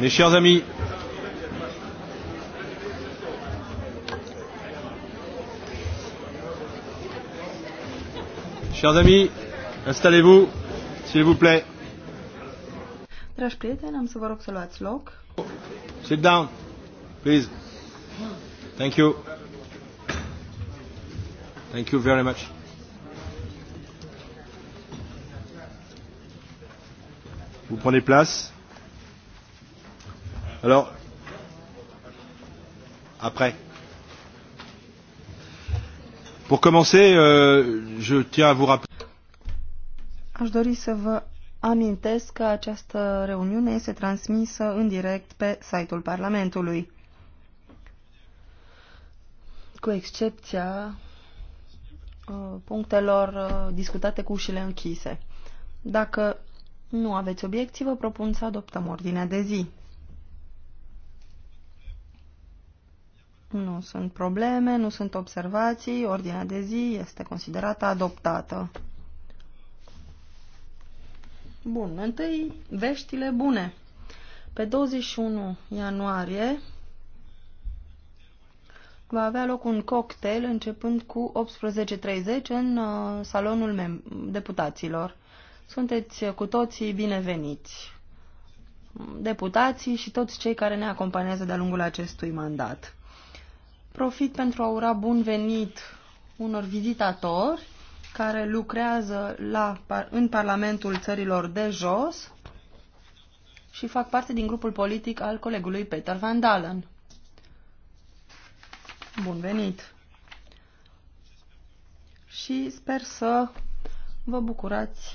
Mes chers amis, chers amis, installez-vous, s'il vous plaît. Dragi prieteni, am să vă rog să luați loc. Sit down, please. Thank you. Thank you very much. Vous prenez place. Alors, après. Pour commencer, euh, je tiens à vous rappeler. Aș dori să vă amintesc că această reuniune este transmisă în direct pe site-ul Parlamentului. Cu excepția uh, punctelor uh, discutate cu ușile închise. Dacă nu aveți obiecții, vă propun să adoptăm ordinea de zi. Nu sunt probleme, nu sunt observații, ordinea de zi este considerată adoptată. Bun, întâi veștile bune. Pe 21 ianuarie va avea loc un cocktail începând cu 18.30 în uh, salonul deputaților. Sunteți cu toții bineveniți, deputații și toți cei care ne acompaniază de-a lungul acestui mandat. Profit pentru a ura bun venit unor vizitatori care lucrează la, în Parlamentul țărilor de jos și fac parte din grupul politic al colegului Peter Van Dalen. Bun venit! Și sper să vă bucurați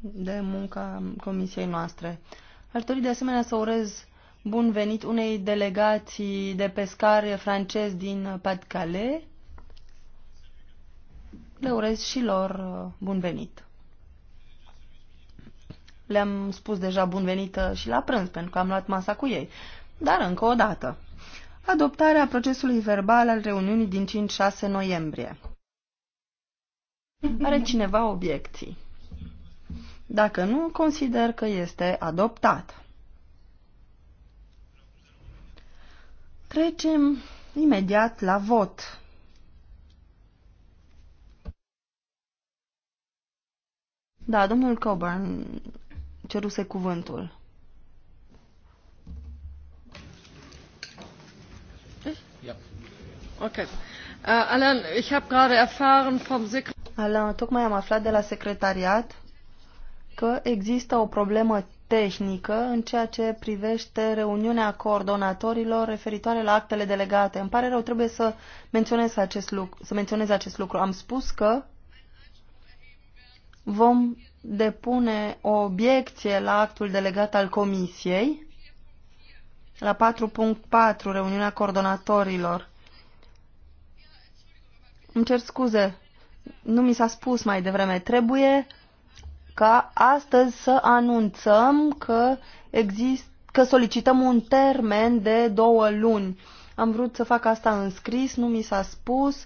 de munca comisiei noastre. Aș dori de asemenea să urez bun venit unei delegații de pescari francezi din Pas-de-Calais. Le urez și lor uh, bun venit. Le-am spus deja bun venit uh, și la prânz, pentru că am luat masa cu ei. Dar încă o dată. Adoptarea procesului verbal al reuniunii din 5-6 noiembrie. Are cineva obiecții? Dacă nu, consider că este adoptat. Trecem imediat la vot. Da, domnul Coburn ceruse cuvântul. Ok. Okay. Uh, ich habe gerade erfahren vom Sekretariat. Alan, tocmai am aflat de la secretariat că există o problemă tehnică în ceea ce privește reuniunea coordonatorilor referitoare la actele delegate. Îmi pare rău, trebuie să menționez acest lucru. Să menționez acest lucru. Am spus că vom depune o obiecție la actul delegat al Comisiei, la 4.4, reuniunea coordonatorilor. Îmi cer scuze, nu mi s-a spus mai devreme. Trebuie ca astăzi să anunțăm că, exist, că solicităm un termen de două luni. Am vrut să fac asta în scris, nu mi s-a spus,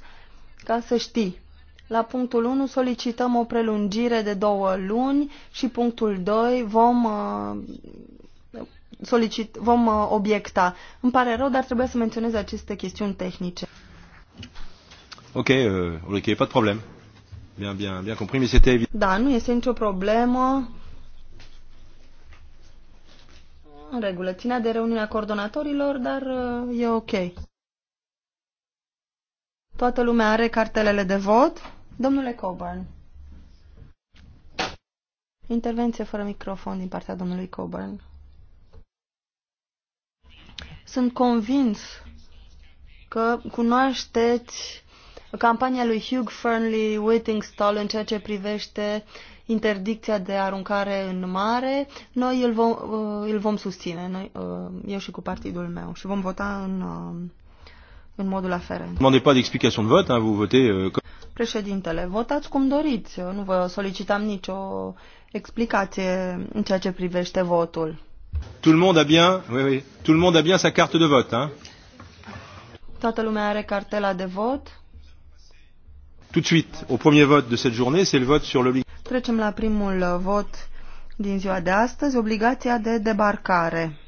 ca să știi. La punctul 1 solicităm o prelungire de două luni și punctul 2 vom, uh, solicit, vom uh, obiecta. Îmi pare rău, dar trebuie să menționez aceste chestiuni tehnice. Ok, uh, ok, pas de problème bien, bien, bien compris, mais c'était évident. Da, nu este nicio problemă. În regulă, ținea de reuniunea coordonatorilor, dar uh, e ok. Toată lumea are cartelele de vot. Domnule Coburn. Intervenție fără microfon din partea domnului Coburn. Sunt convins că cunoașteți campania lui Hugh Fernley Whittingstall în ceea ce privește interdicția de aruncare în mare, noi îl vom, uh, îl vom susține, noi, uh, eu și cu partidul meu, și vom vota în, uh, în modul aferent. Nu pas d'explication de vot, hein, vous votez... Euh, Președintele, votați cum doriți, eu nu vă solicitam nicio explicație în ceea ce privește votul. Tout le monde a bien, oui, oui. Tout le monde a bien sa carte de vot, hein? Toată lumea are cartela de vot tout de suite au premier vote de cette journée, c'est le vote sur Trecem la primul uh, vot din ziua de astăzi, obligația de debarcare.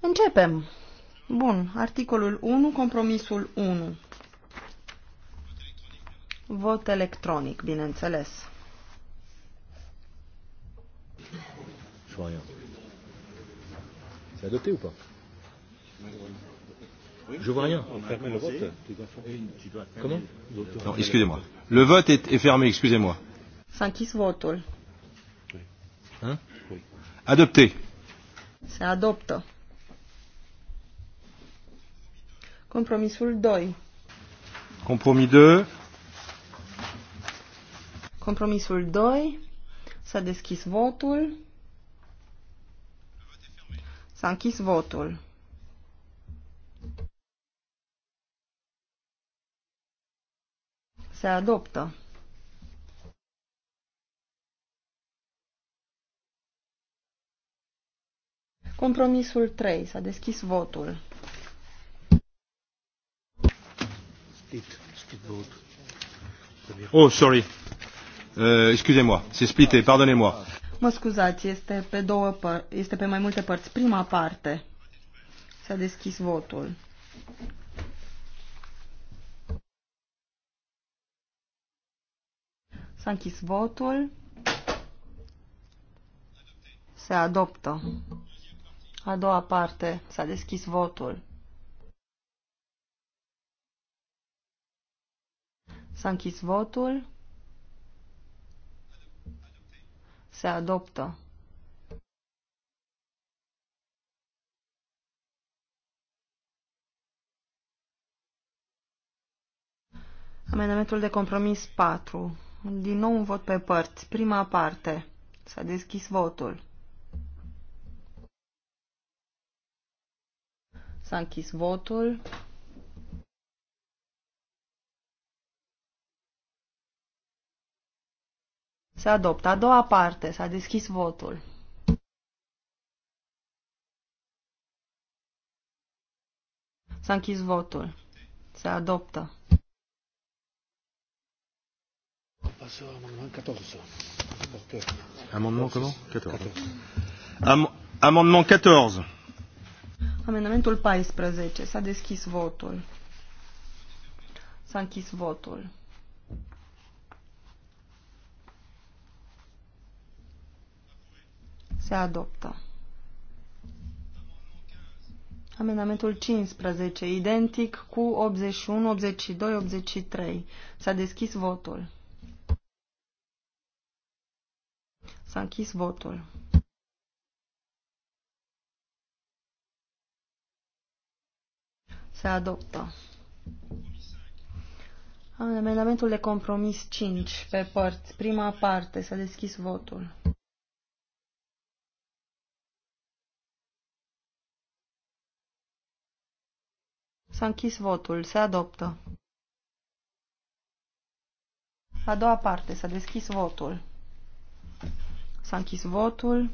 Începem. Bun, articolul 1, compromisul 1. Vot electronic, bineînțeles. Je vois rien. C'est adopté ou pas Je vois rien. Comment Non, excusez-moi. Le vote est, est fermé, excusez-moi. S-a închis votul. Hein Adopté. Se adoptă. Compromisul 2. Compromis 2. Compromisul 2. S-a deschis votul. S-a închis votul. Se adoptă. Compromisul 3. S-a deschis votul. Oh, sorry. Uh, Excusez-moi. C'est splité. Pardonnez-moi. Mă scuzați, este pe, două este pe mai multe părți. Prima parte. S-a deschis votul. S-a închis votul. Se adoptă. A doua parte. S-a deschis votul. S-a închis votul. Se adoptă. Amendamentul de compromis 4. Din nou un vot pe părți. Prima parte. S-a deschis votul. S-a închis votul. Se adoptă. A doua parte. S-a deschis votul. S-a închis votul. Se adoptă. passer à l'amendement 14. Amendement comment 14. Am amendement 14. Amendamentul 14. S-a deschis votul. S-a închis votul. Se adoptă. Amendamentul 15, identic cu 81, 82, 83. S-a deschis votul. S-a închis votul. Se adoptă. Amendamentul de compromis 5 pe părți. Prima parte. S-a deschis votul. S-a închis votul. Se adoptă. A doua parte. S-a deschis votul. S-a închis votul.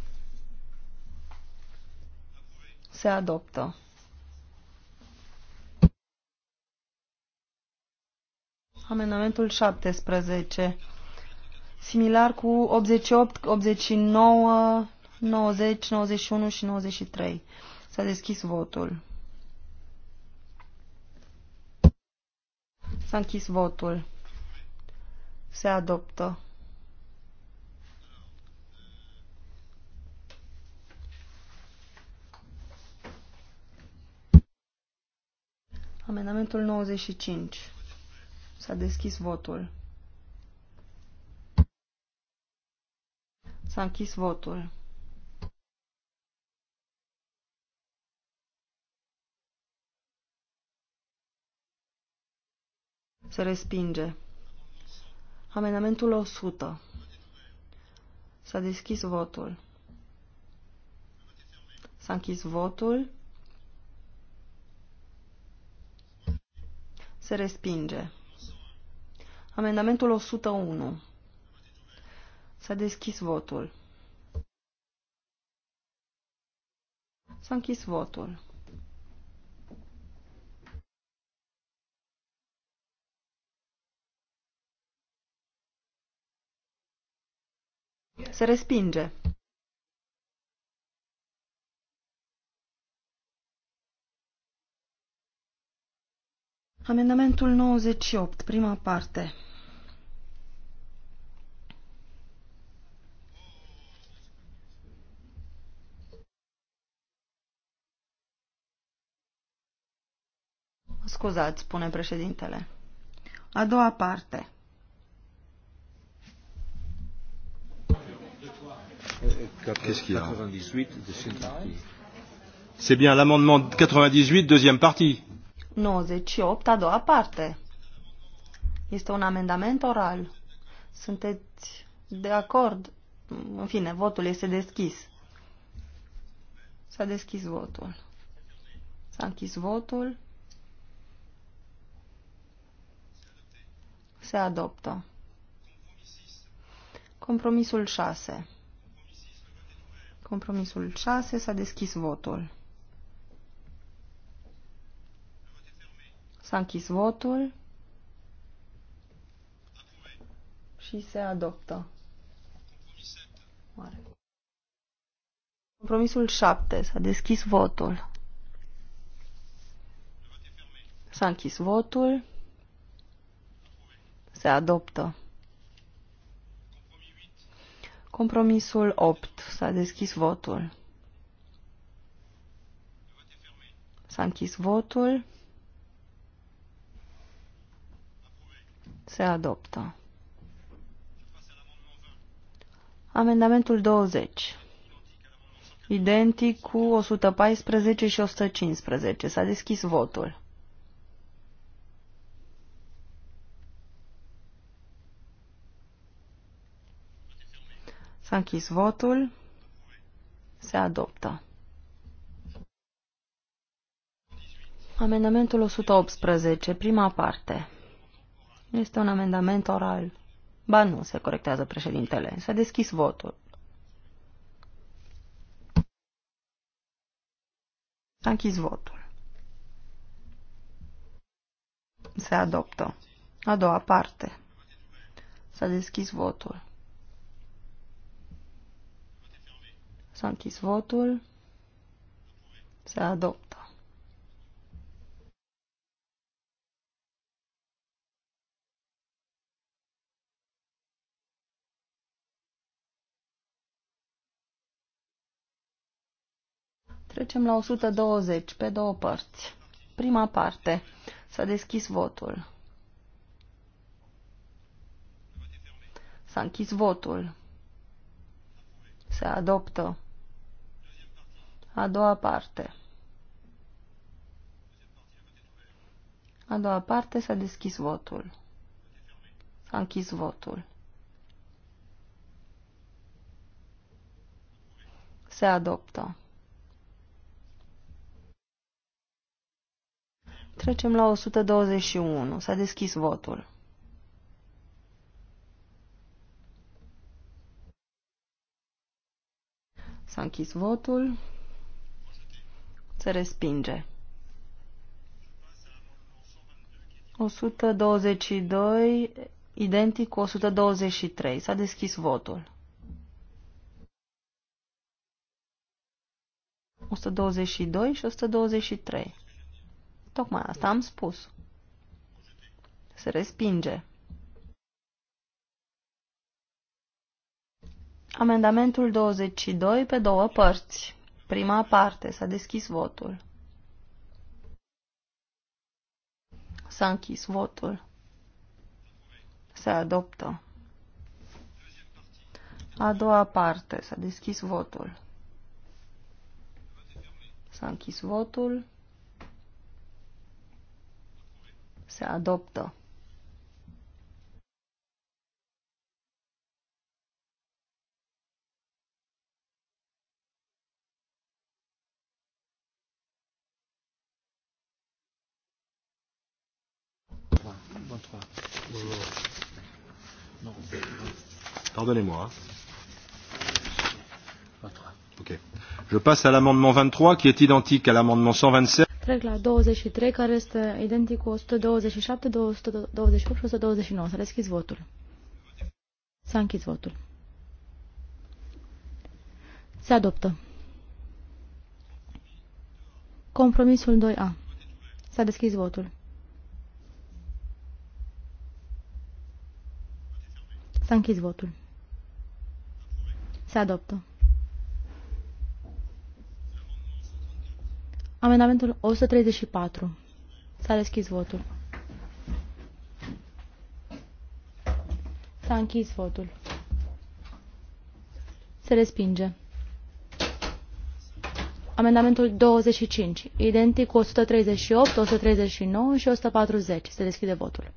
Se adoptă. Amendamentul 17. Similar cu 88, 89, 90, 91 și 93. S-a deschis votul. S-a închis votul. Se adoptă. Amendamentul 95. S-a deschis votul. S-a închis votul. Se respinge. Amendamentul 100. S-a deschis votul. S-a închis votul. Se respinge. Amendamentul 101. S-a deschis votul. S-a închis votul. Se respinge. Amendamentul 98, prima parte. Scuzați, spune președintele. A doua parte. ce a C'est bien l'amendement 98, deuxième partie. 98, a doua parte. Este un amendament oral. Sunteți de acord? În fine, votul este deschis. S-a deschis votul. S-a închis votul. Se adoptă. Compromisul 6. Compromisul 6 s-a deschis votul. S-a închis votul și se adoptă. Mare. Compromisul 7. S-a deschis votul. S-a închis votul. Se adoptă. Compromisul 8. S-a deschis votul. S-a închis votul. Se adoptă. Amendamentul 20. Identic cu 114 și 115. S-a deschis votul. S-a închis votul. Se adoptă. Amendamentul 118, prima parte. Este un amendament oral. Ba nu, se corectează președintele. S-a deschis votul. S-a închis votul. Se adoptă. A doua parte. S-a deschis votul. S-a închis votul. Se adoptă. Trecem la 120, pe două părți. Prima parte. S-a deschis votul. S-a închis votul. Se adoptă. A doua parte. A doua parte s-a deschis votul. S-a închis votul. Se adoptă. Trecem la 121. S-a deschis votul. S-a închis votul. Se respinge. 122, identic cu 123. S-a deschis votul. 122 și 123. Tocmai asta am spus. Se respinge. Amendamentul 22 pe două părți. Prima parte. S-a deschis votul. S-a închis votul. Se adoptă. A doua parte. S-a deschis votul. S-a închis votul. se adoptă. Pardonnez-moi. Ok. Je passe à l'amendement 23 qui est identique à l'amendement 127. Trec la 23, care este identic cu 127, 228 și 129. S-a deschis votul. S-a închis votul. Se adoptă. Compromisul 2A. S-a deschis votul. S-a închis votul. Se adoptă. Amendamentul 134. S-a deschis votul. S-a închis votul. Se respinge. Amendamentul 25, identic cu 138, 139 și 140. Se deschide votul.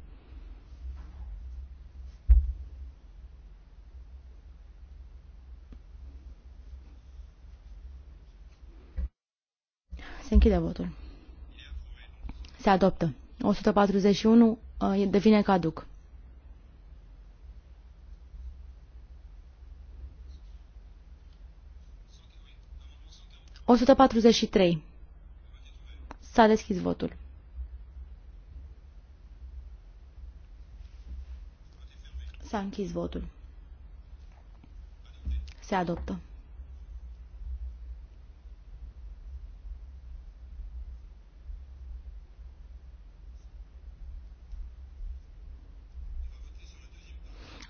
închide votul. Se adoptă. 141 uh, devine caduc. trei. S-a deschis votul. S-a închis votul. Se adoptă.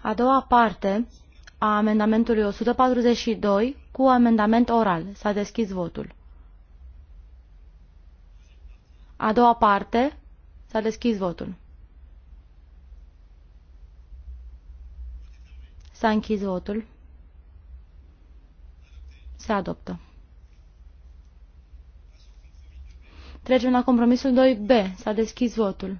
A doua parte a amendamentului 142 cu amendament oral. S-a deschis votul. A doua parte s-a deschis votul. S-a închis votul. Se adoptă. Trecem la compromisul 2B. S-a deschis votul.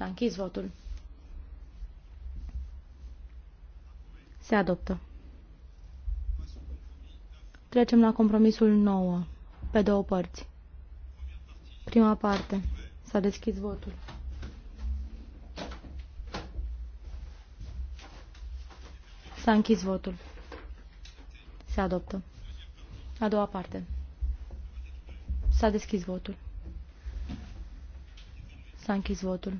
S-a închis votul. Se adoptă. Trecem la compromisul 9, pe două părți. Prima parte. S-a deschis votul. S-a închis votul. Se adoptă. A doua parte. S-a deschis votul. S-a închis votul.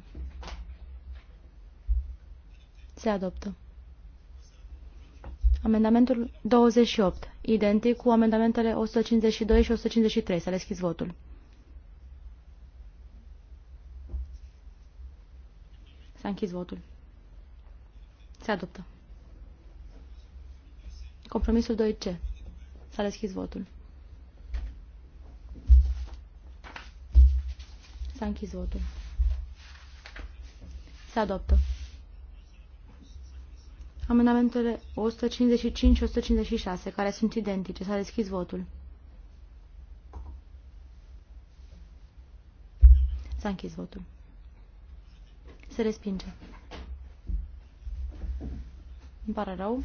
Se adoptă. Amendamentul 28, identic cu amendamentele 152 și 153. S-a deschis votul. S-a închis votul. Se adoptă. Compromisul 2C. S-a deschis votul. S-a închis votul. Se adoptă. Amendamentele 155 și 156, care sunt identice. S-a deschis votul. S-a închis votul. Se respinge. Îmi pare rău.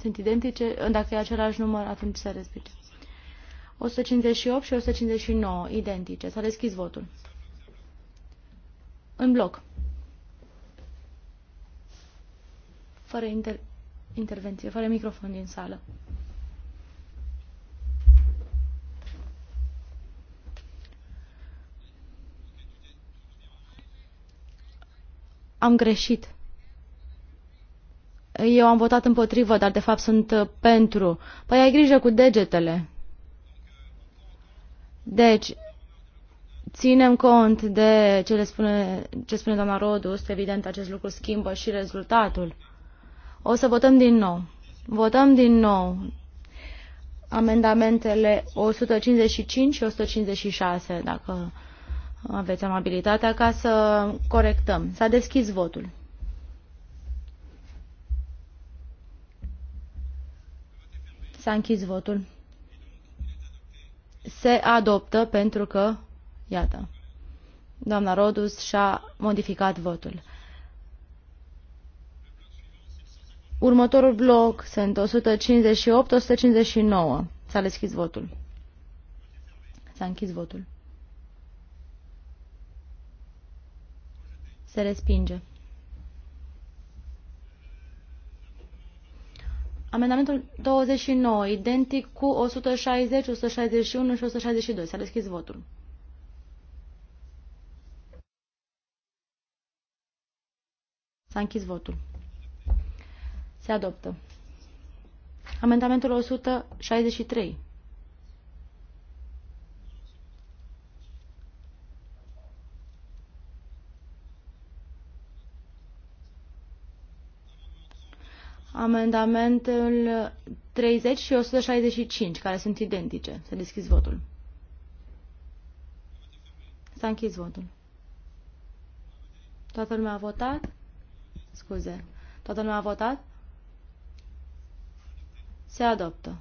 Sunt identice. Dacă e același număr, atunci se respinge. 158 și 159, identice. S-a deschis votul. În bloc. fără inter intervenție, fără microfon din sală. Am greșit. Eu am votat împotrivă, dar de fapt sunt uh, pentru. Păi ai grijă cu degetele. Deci, ținem cont de ce, le spune, ce spune doamna Rodus, evident acest lucru schimbă și rezultatul. O să votăm din nou. Votăm din nou amendamentele 155 și 156, dacă aveți amabilitatea, ca să corectăm. S-a deschis votul. S-a închis votul. Se adoptă pentru că, iată, doamna Rodus și-a modificat votul. Următorul bloc sunt 158-159. S-a deschis votul. S-a închis votul. Se respinge. Amendamentul 29, identic cu 160, 161 și 162. S-a deschis votul. S-a închis votul. Se adoptă. Amendamentul 163. Amendamentul 30 și 165, care sunt identice. Să deschizi votul. S-a închis votul. Toată lumea a votat? Scuze. Toată lumea a votat? Se adoptă.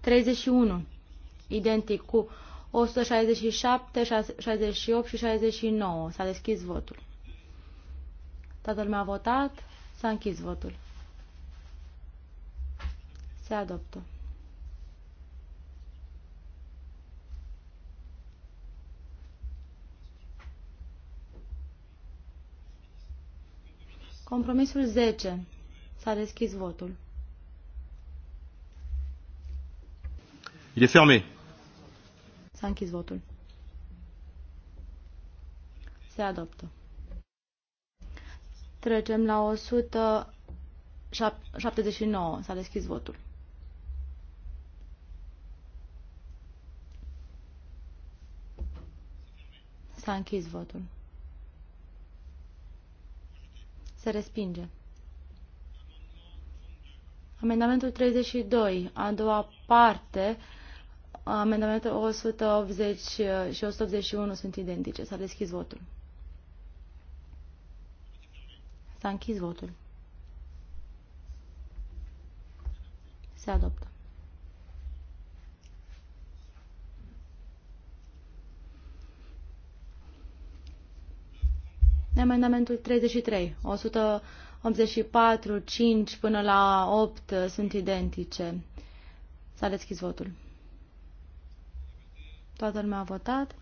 31. Identic cu 167, 68 și 69. S-a deschis votul. Toată lumea a votat. S-a închis votul. Se adoptă. Compromisul 10. S-a deschis votul. Il est fermé. S-a închis votul. Se adoptă. Trecem la 179. S-a deschis votul. S-a închis votul. Se respinge. Amendamentul 32, a doua parte, amendamentul 180 și 181 sunt identice. S-a deschis votul. S-a închis votul. Se adoptă. amendamentul 33. 184, 5 până la 8 sunt identice. S-a deschis votul. Toată lumea a votat.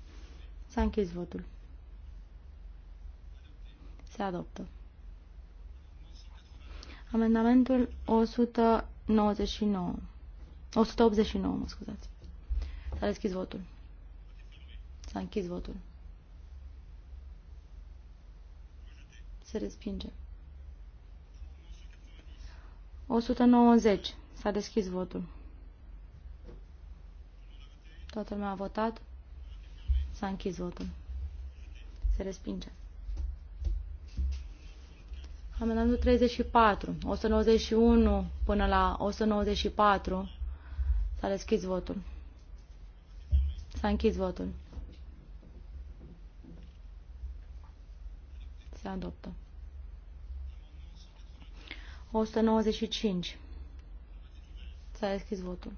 S-a închis votul. Se adoptă. Amendamentul 199. 189, mă scuzați. S-a deschis votul. S-a închis votul. Se respinge. 190. S-a deschis votul. Toată lumea a votat. S-a închis votul. Se respinge. Amendamentul 34, 191 până la 194 s-a deschis votul. S-a închis votul. Se adoptă. 195. S-a deschis votul.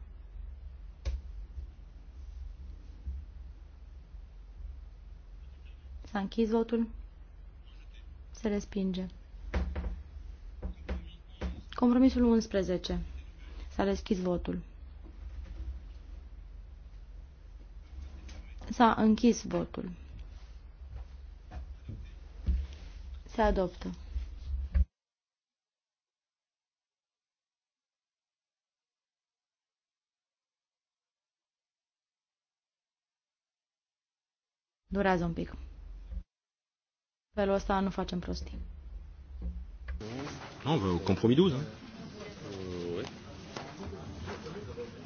S-a închis votul. Se respinge. Compromisul 11. S-a deschis votul. S-a închis votul. Se adoptă. durează un pic. Felul ăsta nu facem prostii. Nu, on compromis 12. Da?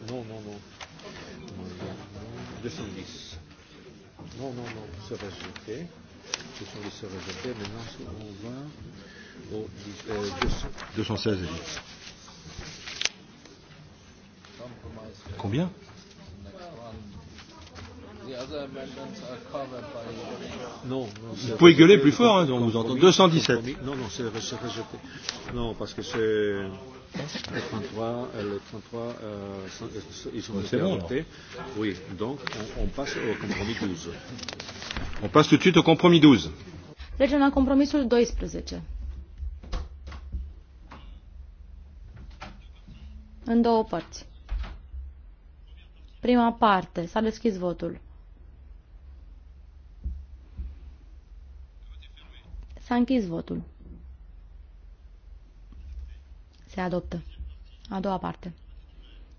Nu, nu, nu. Non, non, non. 210. Nu, non, non, c'est rejeté. 210 c'est rejeté. Maintenant, on va au euh, 216. Deci. Combien Non, non Vous pouvez gueuler plus fort, hein, on vous entend. 217. Non, non, c'est rejeté. Non, parce que c'est. Les 33, les 33 euh, ils sont restés bon, Oui, donc on, on passe au compromis 12. On passe tout de suite au compromis 12. Trecem la compromisul 12. În două părți. Prima parte. S-a deschis votul. S-a închis votul. Se adoptă. A doua parte.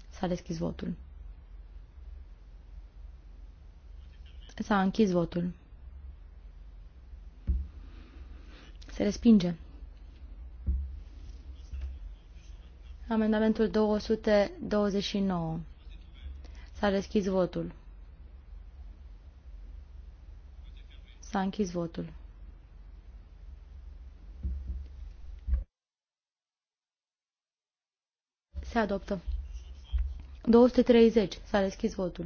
S-a deschis votul. S-a închis votul. Se respinge. Amendamentul 229. S-a deschis votul. S-a închis votul. Se adoptă. 230. S-a deschis votul.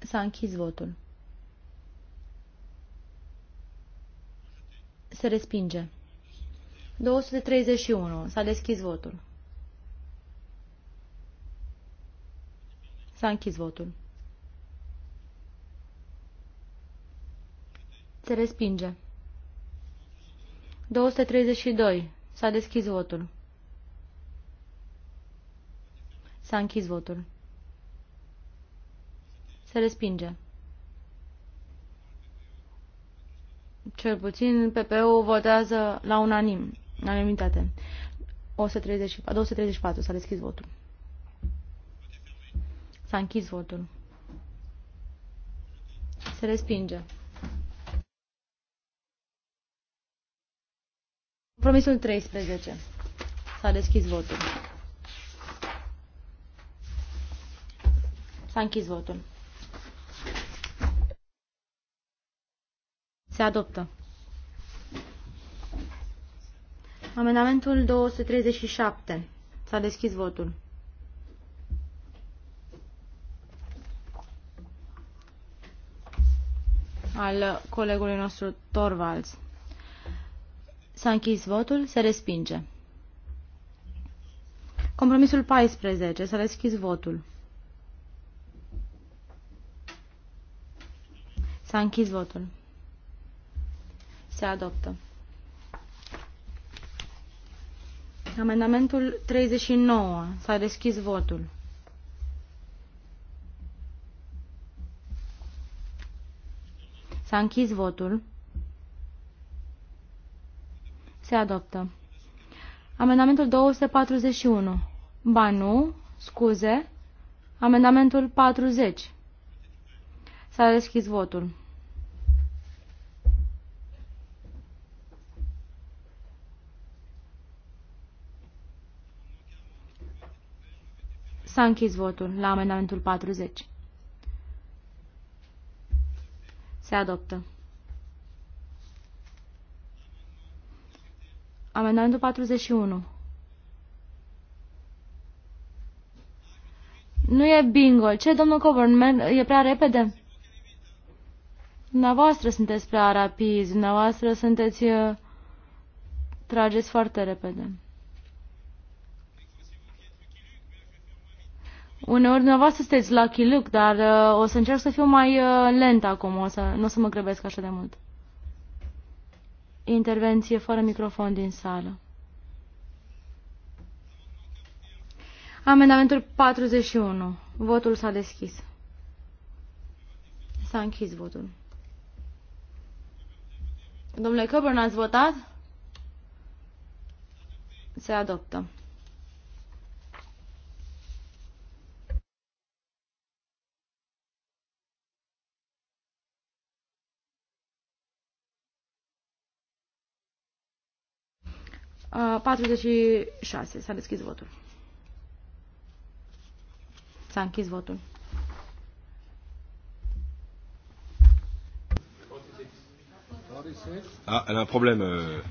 S-a închis votul. Se respinge. 231. S-a deschis votul. S-a închis votul. Se respinge. 232. S-a deschis votul. S-a închis votul. Se respinge. Cel puțin PPU votează la unanim, în unanimitate. 134, 234 s-a deschis votul. S-a închis votul. Se respinge. Promisul 13. S-a deschis votul. S-a închis votul. Se adoptă. Amendamentul 237. S-a deschis votul. Al colegului nostru Torvalds. S-a închis votul, se respinge. Compromisul 14. S-a deschis votul. S-a închis votul. Se adoptă. Amendamentul 39. S-a deschis votul. S-a închis votul. Se adoptă. Amendamentul 241. Ba nu, scuze. Amendamentul 40. S-a deschis votul. S-a închis votul la amendamentul 40. Se adoptă. Amendamentul 41. Nu e bingo. Ce, domnul Coburn, e prea repede? Dumneavoastră sunteți prea rapizi, dumneavoastră sunteți... Uh, trageți foarte repede. Uneori dumneavoastră sunteți la Luke, dar uh, o să încerc să fiu mai uh, lent acum, o să, nu o să mă grăbesc așa de mult intervenție fără microfon din sală. Amendamentul 41. Votul s-a deschis. S-a închis votul. Domnule Coburn, ați votat? Se adoptă. 46. S-a deschis votul. S-a închis votul. Ah, elle a un problème. Euh,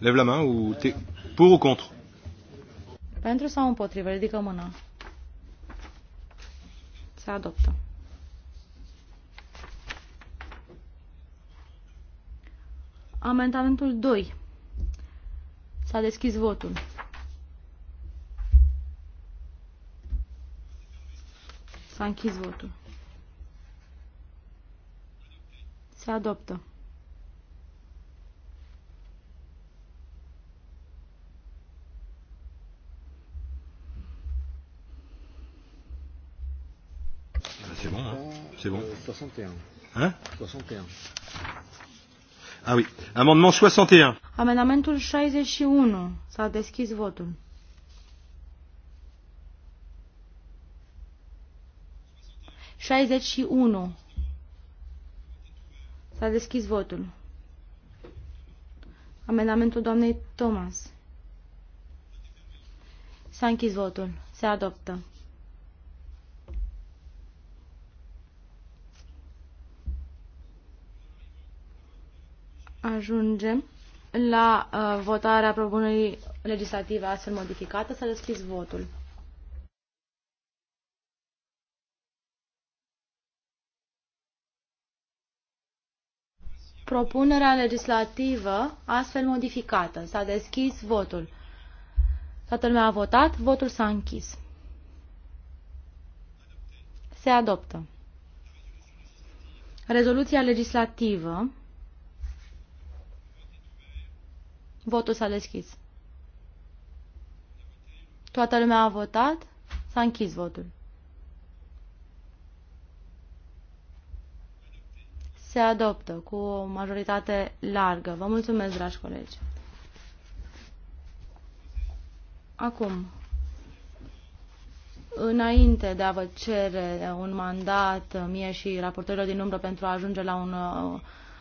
lève la main ou t'es pour ou contre Pentru sau împotrivă? Ridică mâna. Se adoptă. Amendamentul 2. S-a deschis votul. S-a închis votul. Se adoptă. Ah, c'est bon, hein C'est bon. 61. Euh, hein 61. Ah oui. Amendement 61. Amendamentul 61. S-a deschis votul. Șaizeci și unu. S-a deschis votul. Amendamentul doamnei Thomas. S-a închis votul. Se adoptă. ajunge la uh, votarea propunerii legislative astfel modificată. Să deschizi votul. Propunerea legislativă astfel modificată. S-a deschis votul. Toată lumea a votat, votul s-a închis. Se adoptă. Rezoluția legislativă Votul s-a deschis. Toată lumea a votat? S-a închis votul. Se adoptă cu o majoritate largă. Vă mulțumesc, dragi colegi. Acum, înainte de a vă cere un mandat mie și raportorilor din umbră pentru a ajunge la, un,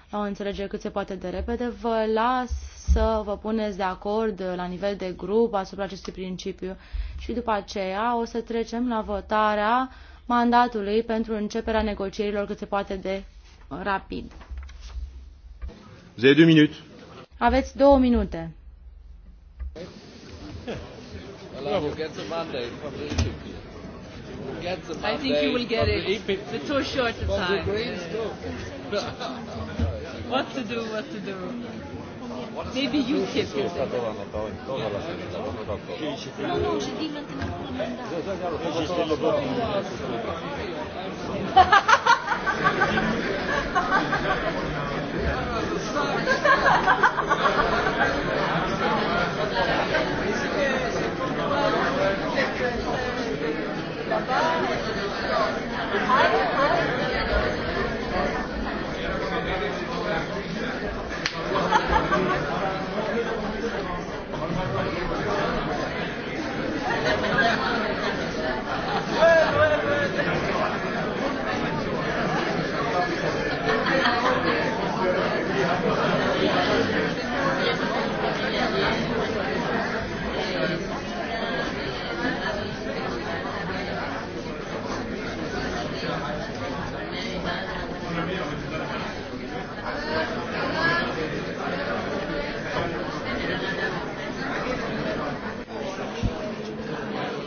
la o înțelegere cât se poate de repede, vă las să vă puneți de acord la nivel de grup asupra acestui principiu și după aceea o să trecem la votarea mandatului pentru începerea negocierilor cât se poate de rapid. Aveți două minute. I think you will get it. too short a time. What to do, what to do. Maybe you sì, sì, è Thank you. Thank you.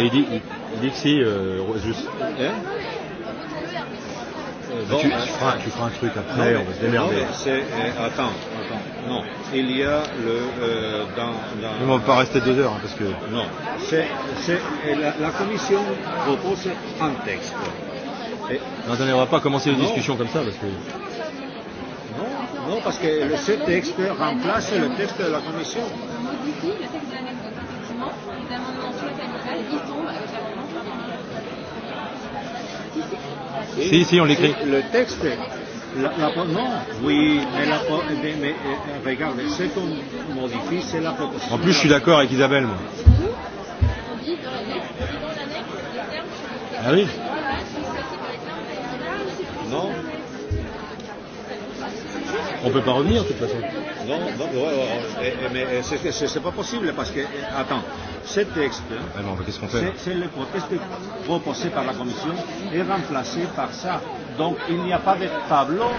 Et ah, il, dit, il, dit que si, euh, juste. Hein eh euh, bon, tu, tu, feras, tu feras un truc après, non, on va se démerder. Non, c'est, euh, attends, attends, non. Il y a le. Euh, dans, dans, mais on ne va pas rester deux heures, hein, parce que. Non. C'est, c'est, eh, la, la commission propose un texte. Et... Non, attendez, on ne va pas commencer une non. discussions comme ça, parce que. Non, non, parce que ce texte remplace le texte de la commission. Modifie le texte Si, si, on l'écrit. Le texte, la, la, non, oui, mais, la, mais, mais regarde, ce qu'on modifie, c'est la proposition. En plus, je suis d'accord avec Isabelle, moi. Ah oui Non On ne peut pas revenir, de toute façon. Non, non, ouais, ouais, ouais. mais ce n'est pas possible parce que, attends, ce texte, Alors, qu'est-ce qu'on fait c'est, c'est le texte proposé par la Commission et remplacé par ça. Donc il n'y a pas de tableau.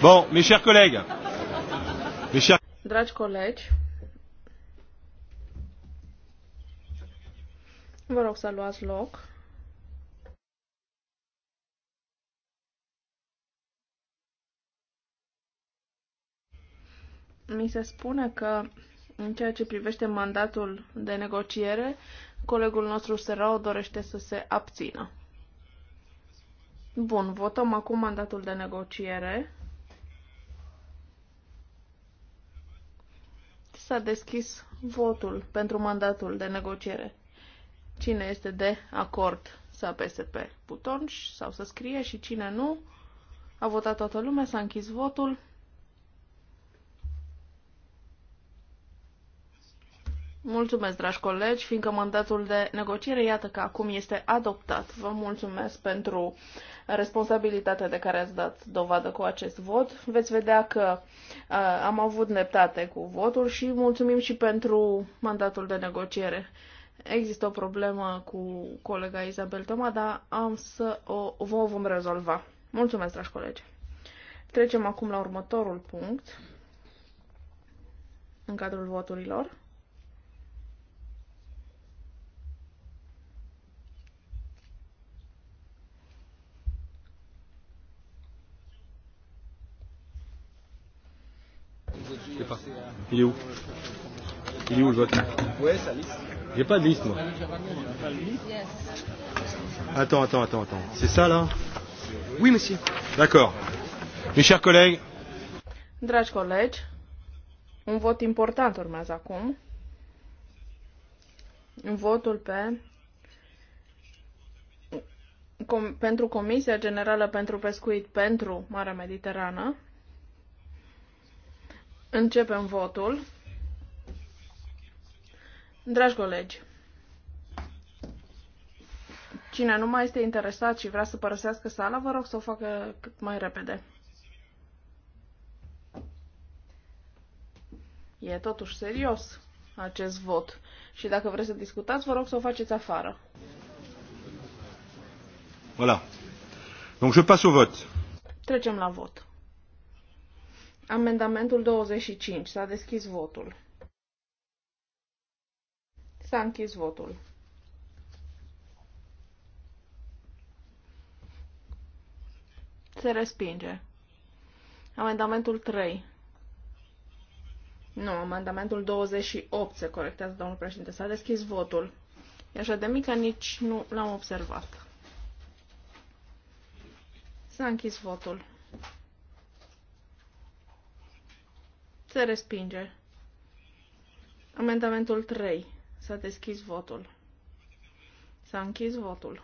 Bon, mes chers collègues. Mes chers... Dragi colegi, vă rog să luați loc. Mi se spune că în ceea ce privește mandatul de negociere, colegul nostru Serau dorește să se abțină. Bun, votăm acum mandatul de negociere. S-a deschis votul pentru mandatul de negociere. Cine este de acord să apese pe buton sau să scrie și cine nu. A votat toată lumea, s-a închis votul. Mulțumesc, dragi colegi, fiindcă mandatul de negociere, iată că acum este adoptat. Vă mulțumesc pentru responsabilitatea de care ați dat dovadă cu acest vot. Veți vedea că uh, am avut dreptate cu votul și mulțumim și pentru mandatul de negociere. Există o problemă cu colega Isabel Toma, dar am să o, o vom rezolva. Mulțumesc, dragi colegi! Trecem acum la următorul punct în cadrul voturilor. pas. Il est où Il est où le vote Oui, sa liste. J'ai pas de liste, moi. Attends, attends, attends, attends. C'est ça, là Oui, monsieur. D'accord. Mes chers collègues. Dragi collègues, un vote important urmează acum. Un Votul pe com, pentru Comisia Generală pentru Pescuit pentru Marea Mediterană, Începem votul. Dragi colegi, cine nu mai este interesat și vrea să părăsească sala, vă rog să o facă cât mai repede. E totuși serios acest vot și dacă vreți să discutați, vă rog să o faceți afară. Voilà. Donc je passe au vote. Trecem la vot. Amendamentul 25. S-a deschis votul. S-a închis votul. Se respinge. Amendamentul 3. Nu, amendamentul 28 se corectează, domnul președinte. S-a deschis votul. E așa de mică, nici nu l-am observat. S-a închis votul. Se respinge. Amendamentul 3. S-a deschis votul. S-a închis votul.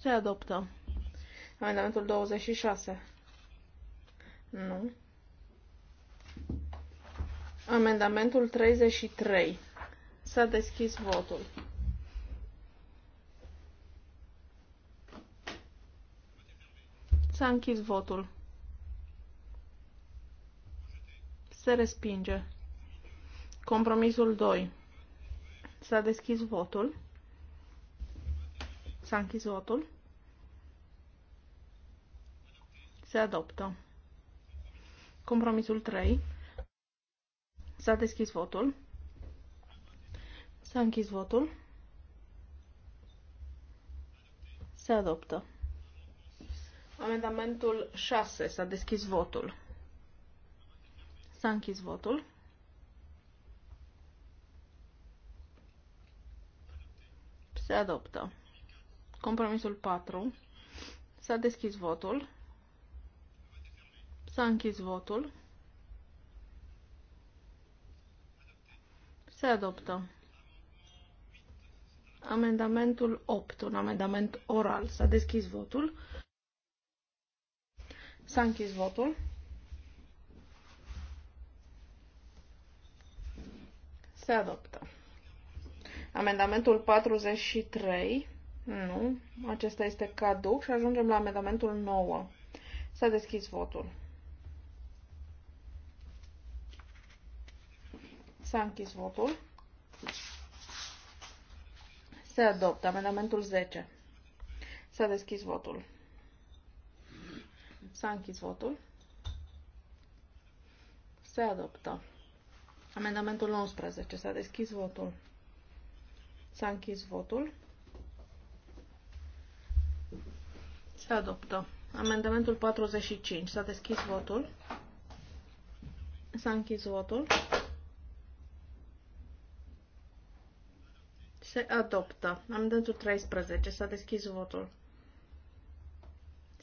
Se adoptă. Amendamentul 26. Nu. Amendamentul 33. S-a deschis votul. S-a închis votul. Se respinge. Compromisul 2. S-a deschis votul. S-a închis votul. Se adoptă. Compromisul 3. S-a deschis votul. S-a închis votul. Se adoptă. Amendamentul 6. S-a deschis votul. S-a închis votul. Se adoptă. Compromisul 4. S-a deschis votul. S-a închis votul. Se adoptă. Amendamentul 8, un amendament oral. S-a deschis votul. S-a închis votul. Se adoptă. Amendamentul 43. Nu. Acesta este caduc și ajungem la amendamentul 9. S-a deschis votul. S-a închis votul. Se adoptă amendamentul 10. S-a deschis votul. S-a închis votul. Se adoptă. Amendamentul 19 S-a deschis votul. S-a închis votul. Se adoptă. Amendamentul 45. S-a deschis votul. S-a închis votul. Se adoptă. Amendamentul 13. S-a deschis votul.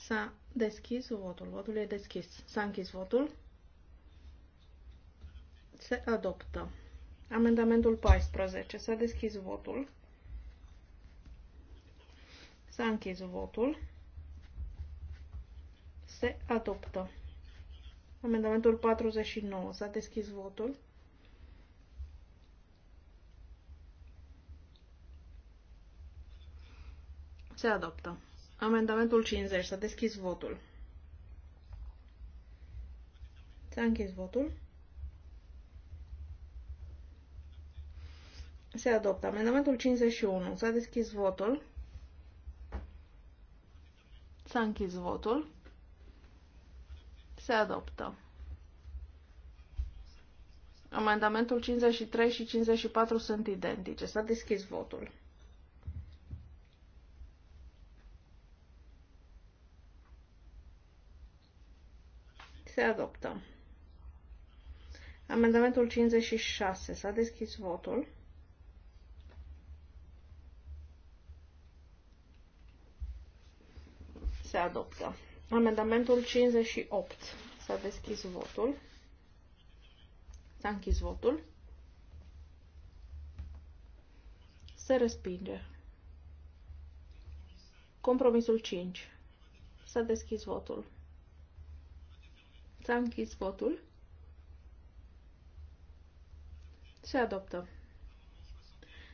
S-a deschis votul. Votul e deschis. S-a închis votul. Se adoptă. Amendamentul 14. S-a deschis votul. S-a închis votul. Se adoptă. Amendamentul 49. S-a deschis votul. Se adoptă. Amendamentul 50. S-a deschis votul. S-a închis votul. Se adoptă. Amendamentul 51. S-a deschis votul. S-a închis votul. Se adoptă. Amendamentul 53 și 54 sunt identice. S-a deschis votul. se adoptă. Amendamentul 56. S-a deschis votul. Se adoptă. Amendamentul 58. S-a deschis votul. S-a închis votul. Se respinge. Compromisul 5. S-a deschis votul. S-a închis votul. Se adoptă.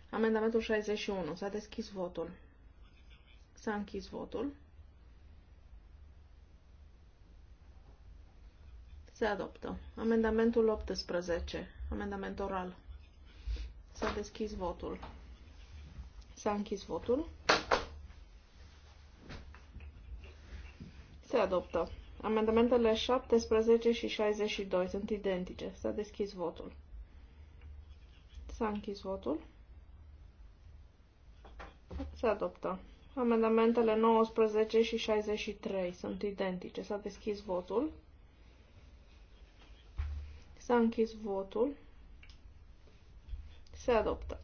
Amendamentul 61. S-a deschis votul. S-a închis votul. Se adoptă. Amendamentul 18. Amendament oral. S-a deschis votul. S-a închis votul. Se adoptă. Amendamentele 17 și 62 sunt identice. S-a deschis votul. S-a închis votul. Se adoptă. Amendamentele 19 și 63 sunt identice. S-a deschis votul. S-a închis votul. Se adoptă.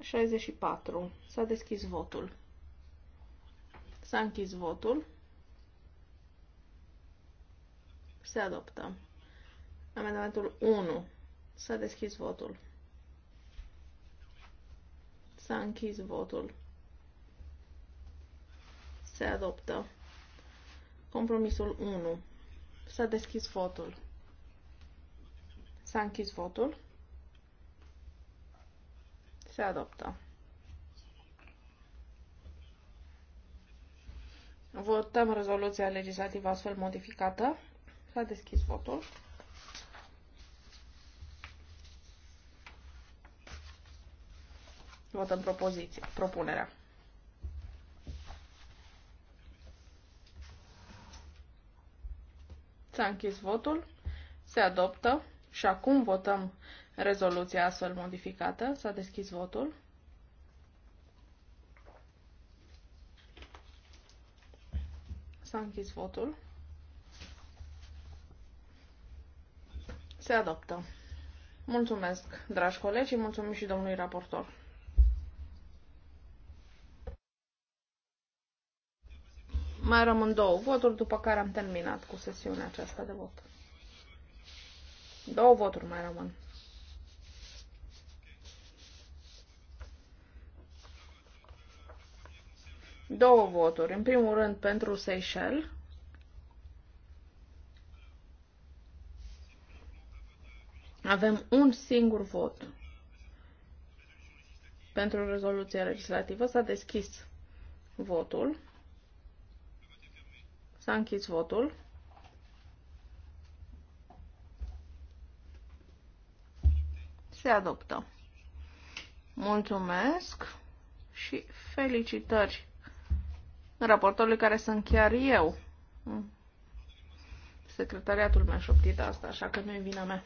64. S-a deschis votul. S-a închis votul. Se adoptă. Amendamentul 1. S-a deschis votul. S-a închis votul. Se adoptă. Compromisul 1. S-a deschis votul. S-a închis votul. Se adoptă. Votăm rezoluția legislativă astfel modificată. S-a deschis votul. Votăm propoziția, propunerea. S-a închis votul, se adoptă și acum votăm rezoluția astfel modificată. S-a deschis votul. S-a închis votul. Se adoptă. Mulțumesc, dragi colegi, și mulțumim și domnului raportor. Mai rămân două voturi, după care am terminat cu sesiunea aceasta de vot. Două voturi mai rămân. Două voturi. În primul rând pentru Seychelles. Avem un singur vot. Pentru rezoluția legislativă s-a deschis votul. S-a închis votul. Se adoptă. Mulțumesc și felicitări raportorului care sunt chiar eu. Secretariatul mi-a șoptit asta, așa că nu-i vina mea.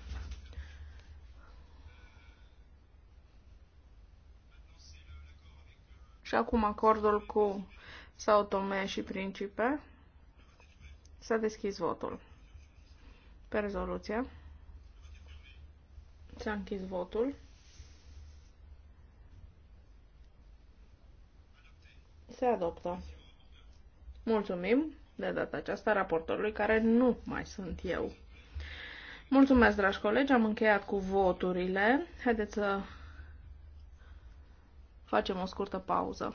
Și acum acordul cu Sao Tome și Principe. S-a deschis votul pe rezoluție. S-a închis votul. Se adoptă. Mulțumim de data aceasta raportorului, care nu mai sunt eu. Mulțumesc, dragi colegi, am încheiat cu voturile. Haideți să Facem o scurtă pauză.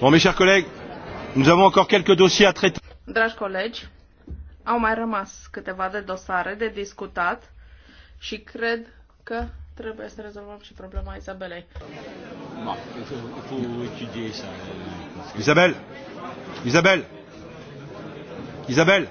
Bon, mes chers collègues, nous avons encore quelques dossiers à traiter. Dragi colegi, au mai rămas câteva de dosare de discutat și cred că trebuie să rezolvăm și problema Isabelei. Bon, Isabel! Isabel! Isabel!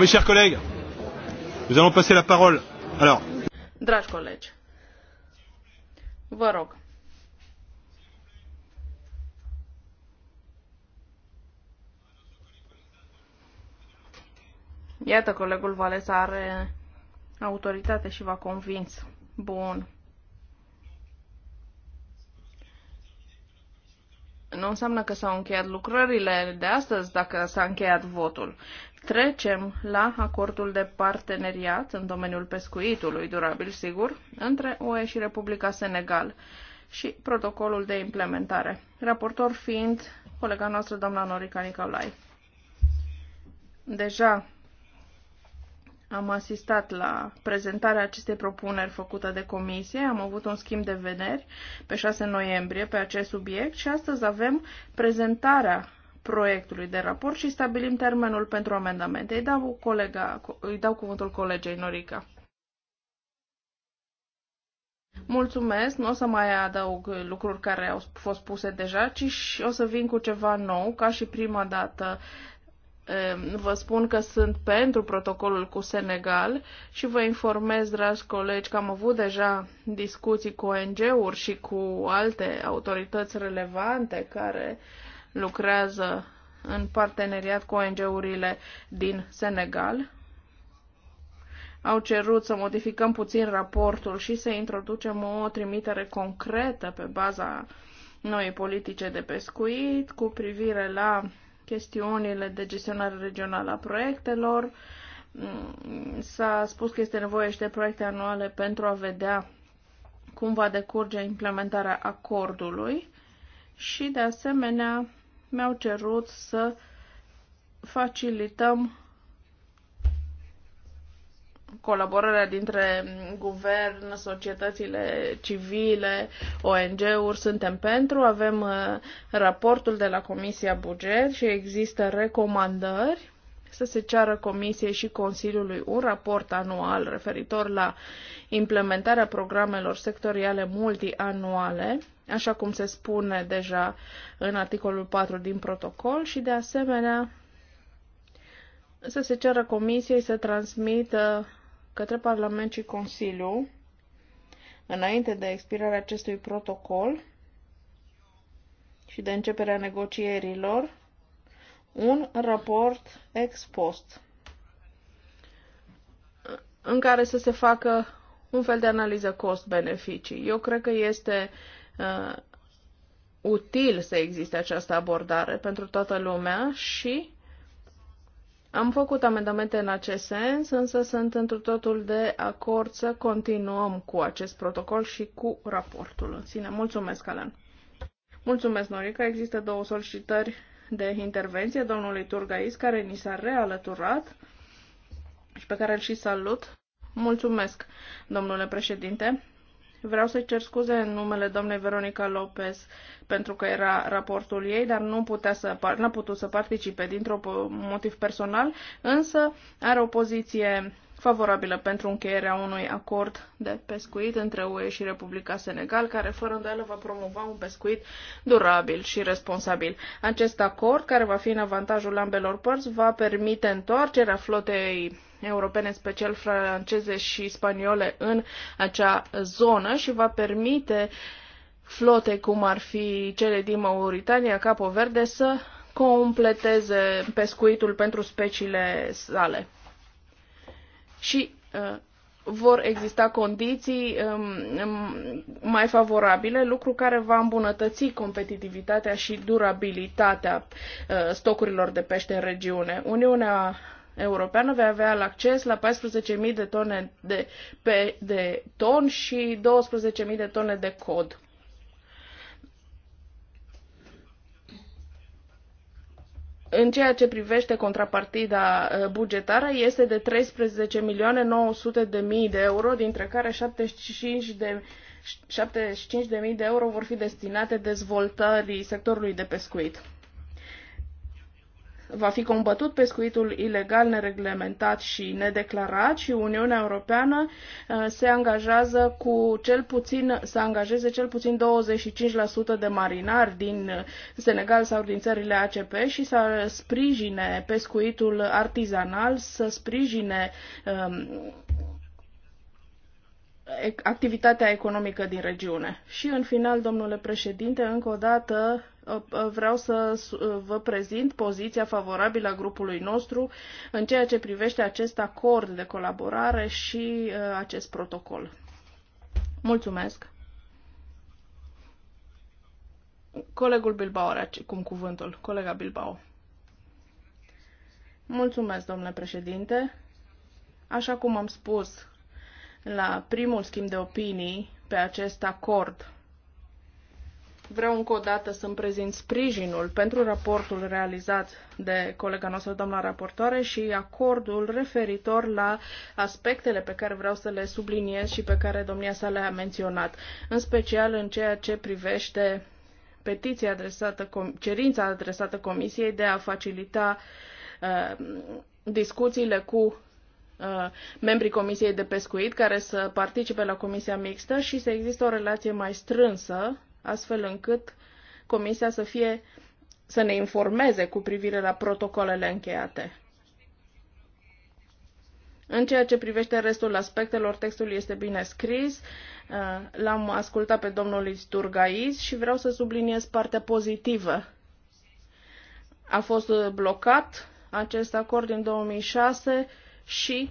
mes chers collègues, nous allons passer la parole. Alors. Dragi colegi, vă rog. Iată, colegul Valesa are autoritate și v-a convins. Bun. nu înseamnă că s-au încheiat lucrările de astăzi dacă s-a încheiat votul. Trecem la acordul de parteneriat în domeniul pescuitului durabil, sigur, între UE și Republica Senegal și protocolul de implementare, raportor fiind colega noastră, doamna Norica Nicolai. Deja am asistat la prezentarea acestei propuneri făcute de comisie, am avut un schimb de veneri pe 6 noiembrie pe acest subiect și astăzi avem prezentarea proiectului de raport și stabilim termenul pentru amendamente. Îi dau, colega, îi dau cuvântul colegei Norica. Mulțumesc, nu o să mai adaug lucruri care au fost puse deja, ci o să vin cu ceva nou, ca și prima dată vă spun că sunt pentru protocolul cu Senegal și vă informez, dragi colegi, că am avut deja discuții cu ONG-uri și cu alte autorități relevante care uh, lucrează în parteneriat cu ONG-urile din Senegal. Au cerut să modificăm puțin raportul și să introducem o trimitere concretă pe baza noii politice de pescuit cu privire la chestiunile de gestionare regională a proiectelor. Mm, s-a spus că este nevoie și de proiecte anuale pentru a vedea cum va decurge implementarea acordului și, de asemenea, mi-au cerut să facilităm colaborarea dintre guvern, societățile civile, ONG-uri, suntem pentru, avem uh, raportul de la Comisia Buget și există recomandări să se ceară Comisiei și Consiliului un raport anual referitor la implementarea programelor sectoriale multianuale așa cum se spune deja în articolul 4 din protocol și, de asemenea, să se ceră Comisiei să transmită către Parlament și Consiliu, înainte de expirarea acestui protocol și de începerea negocierilor, un raport ex post în care să se facă un fel de analiză cost-beneficii. Eu cred că este uh, uh, util să existe această abordare pentru toată lumea și am făcut amendamente în acest sens, însă sunt într totul de acord să continuăm cu acest protocol și cu raportul în sine. Mulțumesc, Alan. Mulțumesc, Norica. Există două solicitări de intervenție domnului Turgais, care ni s-a realăturat și pe care îl și salut. Mulțumesc, domnule președinte. Vreau să cer scuze în numele doamnei Veronica Lopez pentru că era raportul ei, dar nu putea să, n-a putut să participe dintr-un motiv personal, însă are o poziție favorabilă pentru încheierea unui acord de pescuit între UE și Republica Senegal, care fără îndoială va promova un pescuit durabil și responsabil. Acest acord, care va fi în avantajul ambelor părți, va permite întoarcerea flotei europene, special franceze și spaniole, în acea zonă și va permite flote cum ar fi cele din Mauritania, Capo Verde, să completeze pescuitul pentru speciile sale și uh, vor exista condiții um, um, mai favorabile, lucru care va îmbunătăți competitivitatea și durabilitatea uh, stocurilor de pește în regiune. Uniunea Europeană va avea acces la 14.000 de tone de, pe, de ton și 12.000 de tone de cod. în ceea ce privește contrapartida uh, bugetară este de 13 milioane 900 de mii de euro, dintre care 75 de 75.000 de euro vor fi destinate dezvoltării sectorului de pescuit va fi combătut pescuitul ilegal, nereglementat și nedeclarat și Uniunea Europeană uh, se angajează cu cel puțin, să angajeze cel puțin 25% de marinari din uh, Senegal sau din țările ACP și să sprijine pescuitul artizanal, să sprijine um, activitatea economică din regiune. Și în final, domnule președinte, încă o dată Ă, ă, vreau să ă, vă prezint poziția favorabilă a grupului nostru în ceea ce privește acest acord de colaborare și acest protocol. Mulțumesc! Colegul Bilbao are cum cuvântul. Colega Bilbao. Mulțumesc, domnule președinte. Așa cum am spus la primul schimb de opinii pe acest acord Vreau încă o dată să-mi prezint sprijinul pentru raportul realizat de colega noastră, doamna raportoare, și acordul referitor la aspectele pe care vreau să le subliniez și pe care domnia sa le-a menționat, în special în ceea ce privește petiția adresată, cerința adresată Comisiei de a facilita uh, discuțiile cu uh, membrii Comisiei de Pescuit care să participe la Comisia Mixtă și să existe o relație mai strânsă astfel încât Comisia să fie să ne informeze cu privire la protocolele încheiate. În ceea ce privește restul aspectelor, textul este bine scris. Uh, l-am ascultat pe domnul Isturgaiz și vreau să subliniez partea pozitivă. A fost blocat acest acord în 2006 și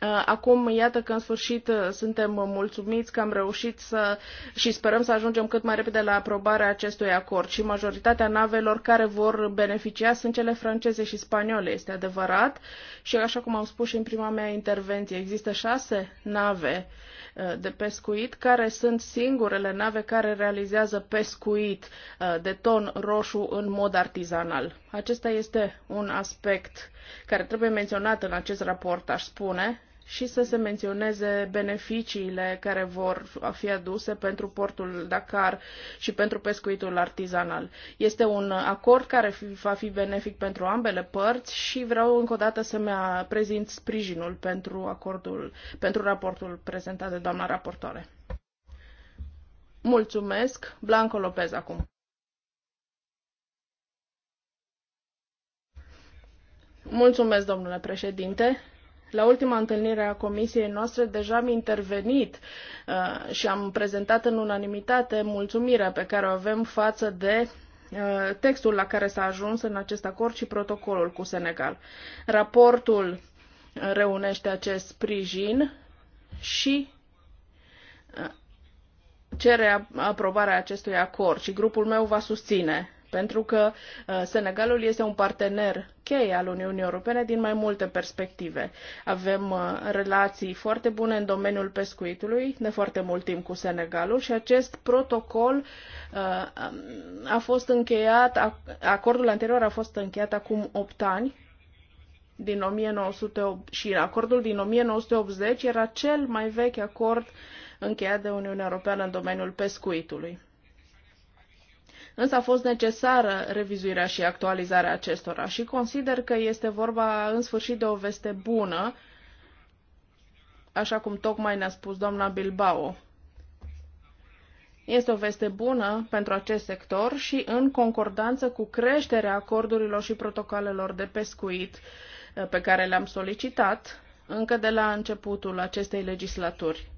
Uh, acum, iată că în sfârșit uh, suntem mulțumiți că am reușit să și sperăm să ajungem cât mai repede la aprobarea acestui acord și majoritatea navelor care vor beneficia sunt cele franceze și spaniole, este adevărat. Și așa cum am spus și în prima mea intervenție, există șase nave uh, Eh, de pescuit, care sunt singurele nave care realizează pescuit eh, de ton roșu în mod artizanal. Acesta este un aspect care trebuie menționat în acest raport, aș spune, și să se menționeze beneficiile care vor fi aduse pentru portul Dakar și pentru pescuitul artizanal. Este un acord care va fi benefic pentru ambele părți și vreau încă o dată să-mi prezint sprijinul pentru acordul, pentru raportul prezentat de doamna raportoare. Mulțumesc. Blanco Lopez acum. Mulțumesc, domnule președinte. La ultima întâlnire a comisiei noastre deja am intervenit uh, și am prezentat în unanimitate mulțumirea pe care o avem față de uh, textul la care s-a ajuns în acest acord și protocolul cu Senegal. Raportul uh, reunește acest sprijin și uh, cere aprobarea acestui acord și grupul meu va susține pentru că uh, Senegalul este un partener cheie al Uniunii Europene din mai multe perspective. Avem uh, relații foarte bune în domeniul pescuitului de foarte mult timp cu Senegalul și acest protocol uh, a fost încheiat, acordul anterior a fost încheiat acum 8 ani din 1908 și acordul din 1980 era cel mai vechi acord încheiat de Uniunea Europeană în domeniul pescuitului însă a fost necesară revizuirea și actualizarea acestora și consider că este vorba în sfârșit de o veste bună, așa cum tocmai ne-a spus doamna Bilbao. Este o veste bună pentru acest sector și în concordanță cu creșterea acordurilor și protocolelor de pescuit eh, pe care le-am solicitat încă de la începutul acestei legislaturi.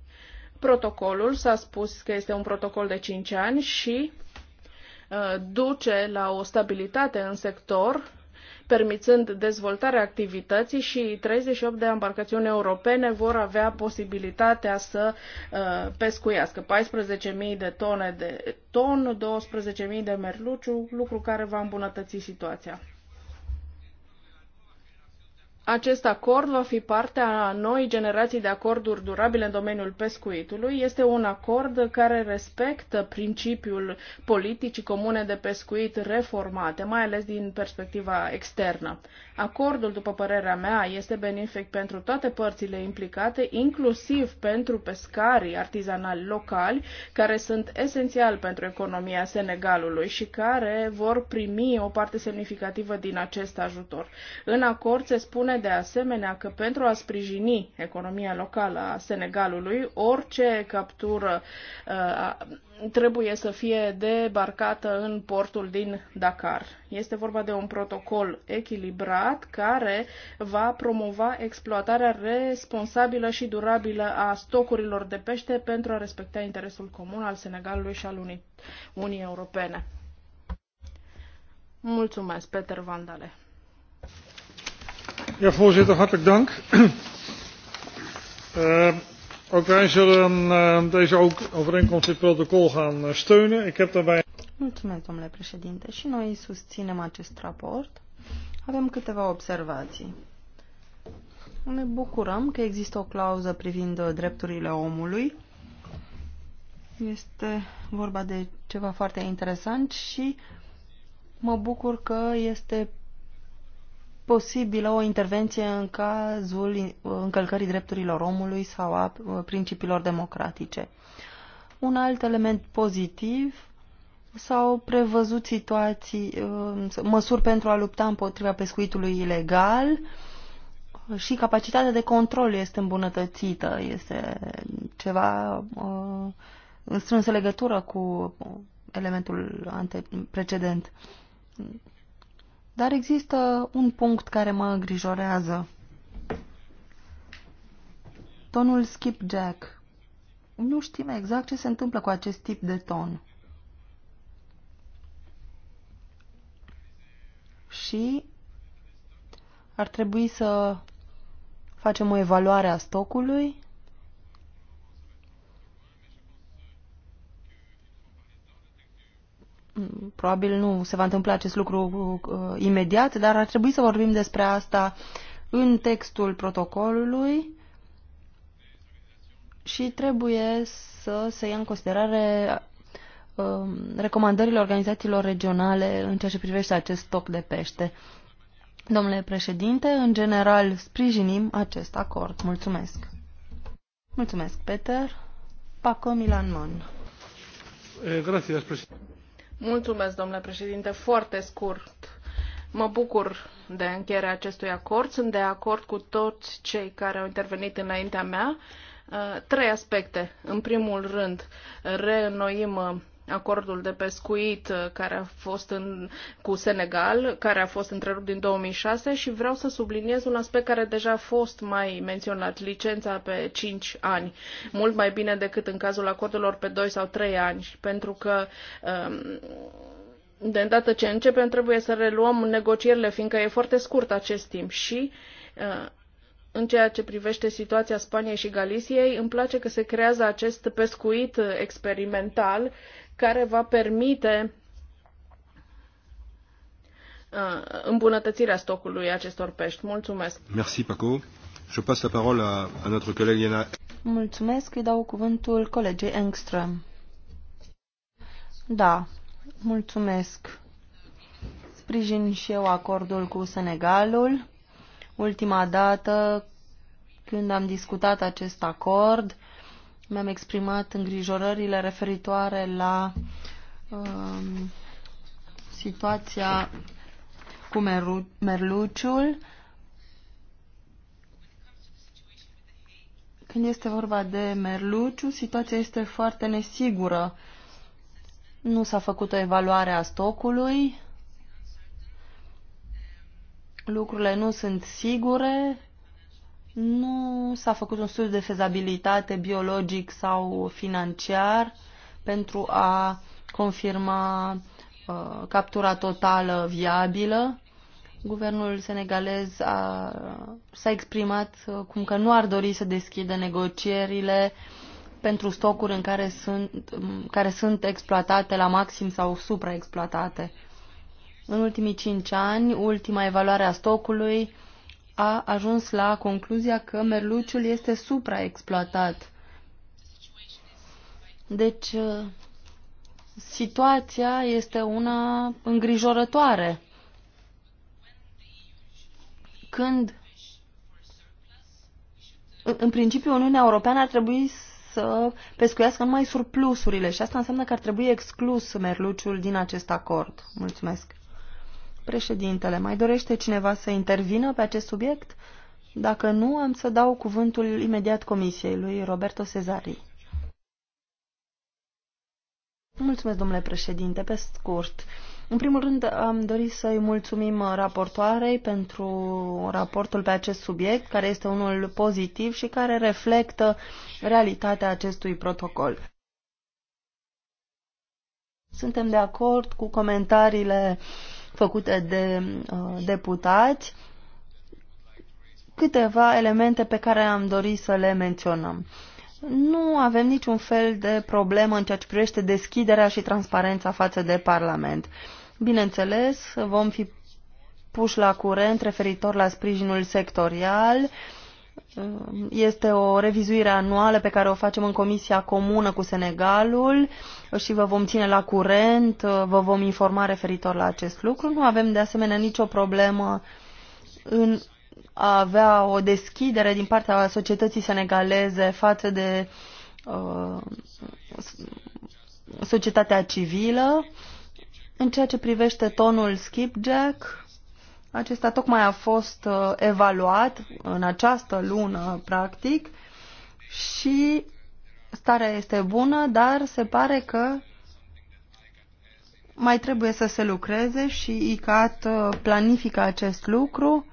Protocolul s-a spus că este un protocol de 5 ani și Uh, duce la o stabilitate în sector, permițând dezvoltarea activității și 38 de embarcațiuni europene vor avea posibilitatea să uh, pescuiască 14.000 de tone de ton, 12.000 de merluciu, lucru care va îmbunătăți situația. Acest acord va fi parte a noi generații de acorduri durabile în domeniul pescuitului. Este un acord care respectă principiul politicii comune de pescuit reformate, mai ales din perspectiva externă. Acordul, după părerea mea, este benefic pentru toate părțile implicate, inclusiv pentru pescarii artizanali locali, care sunt esențiali pentru economia Senegalului și care vor primi o parte semnificativă din acest ajutor. În acord se spune de asemenea că pentru a sprijini economia locală a Senegalului, orice captură uh, trebuie să fie debarcată în portul din Dakar. Este vorba de un protocol echilibrat care va promova exploatarea responsabilă și durabilă a stocurilor de pește pentru a respecta interesul comun al Senegalului și al Unii, Unii Europene. Mulțumesc, Peter Vandale voorzitter, hartelijk dank. Uh, ook wij zullen uh, deze ook overeenkomst, dit protocol gaan uh, steunen. Ik heb daarbij... Mulțumesc, domnule președinte. Și noi susținem acest raport. Avem câteva observații. Ne bucurăm că există o clauză privind drepturile omului. Este vorba de ceva foarte interesant și mă bucur că este posibilă o intervenție în cazul încălcării drepturilor omului sau a uh, principiilor democratice. Un alt element pozitiv s-au prevăzut situații, uh, măsuri pentru a lupta împotriva pescuitului ilegal și capacitatea de control este îmbunătățită, este ceva uh, în strânsă legătură cu elementul precedent dar există un punct care mă îngrijorează. Tonul skipjack. Nu știm exact ce se întâmplă cu acest tip de ton. Și ar trebui să facem o evaluare a stocului Probabil nu se va întâmpla acest lucru uh, imediat, dar ar trebui să vorbim despre asta în textul protocolului și trebuie să se ia în considerare uh, recomandările organizațiilor regionale în ceea ce privește acest stoc de pește. Domnule președinte, în general sprijinim acest acord. Mulțumesc. Mulțumesc, Peter. Paco Milanman. Eh, gracias, presidente. Mulțumesc, domnule președinte. Foarte scurt. Mă bucur de încheierea acestui acord. Sunt de acord cu toți cei care au intervenit înaintea mea. Uh, trei aspecte. În primul rând, reînnoim uh, acordul de pescuit uh, care a fost în, cu Senegal, care a fost întrerupt din 2006 și vreau să subliniez un aspect care deja a fost mai menționat, licența pe 5 ani, mult mai bine decât în cazul acordurilor pe 2 sau 3 ani, pentru că um, de îndată ce începem trebuie să reluăm negocierile, fiindcă e foarte scurt acest timp și uh, în ceea ce privește situația Spaniei și Galiciei, îmi place că se creează acest pescuit uh, experimental care va permite uh, îmbunătățirea stocului acestor pești. Mulțumesc. Merci, Paco. Je passe la parole à, à notre collègue Yana. Mulțumesc, îi dau cuvântul colegei Engström. Da, mulțumesc. Sprijin și eu acordul cu Senegalul. Ultima dată când am discutat acest acord, mi-am exprimat îngrijorările referitoare la um, situația cu meru- merluciul. Când este vorba de merluciu, situația este foarte nesigură. Nu s-a făcut o evaluare a stocului. Lucrurile nu sunt sigure nu s-a făcut un studiu de fezabilitate biologic sau financiar pentru a confirma uh, captura totală viabilă. Guvernul senegalez a, s-a exprimat uh, cum că nu ar dori să deschidă negocierile pentru stocuri în care sunt, um, care sunt exploatate la maxim sau supraexploatate. În ultimii cinci ani, ultima evaluare a stocului a ajuns la concluzia că merluciul este supraexploatat. Deci, uh, situația este una îngrijorătoare. Când, în principiu, Uniunea Europeană ar trebui să pescuiască numai surplusurile și asta înseamnă că ar trebui exclus merluciul din acest acord. Mulțumesc. Președintele, mai dorește cineva să intervină pe acest subiect? Dacă nu, am să dau cuvântul imediat comisiei lui Roberto Cezari. Mulțumesc, domnule președinte, pe scurt. În primul rând, am dorit să-i mulțumim raportoarei pentru raportul pe acest subiect, care este unul pozitiv și care reflectă realitatea acestui protocol. Suntem de acord cu comentariile uh, făcute de uh, deputați, câteva elemente pe care am dorit să le menționăm. Nu avem niciun fel de problemă în ceea ce privește deschiderea și transparența față de Parlament. Bineînțeles, vom fi puși la curent referitor la sprijinul sectorial, uh, este o revizuire anuală pe care o facem în Comisia Comună cu Senegalul și vă vom ține la curent, vă vom informa referitor la acest lucru. Nu avem de asemenea nicio problemă în a avea o deschidere din partea societății senegaleze față de uh, societatea civilă. În ceea ce privește tonul skipjack, acesta tocmai a fost uh, evaluat în această lună, practic, și starea este bună, dar se pare că mai trebuie să se lucreze și ICAT uh, planifică acest lucru.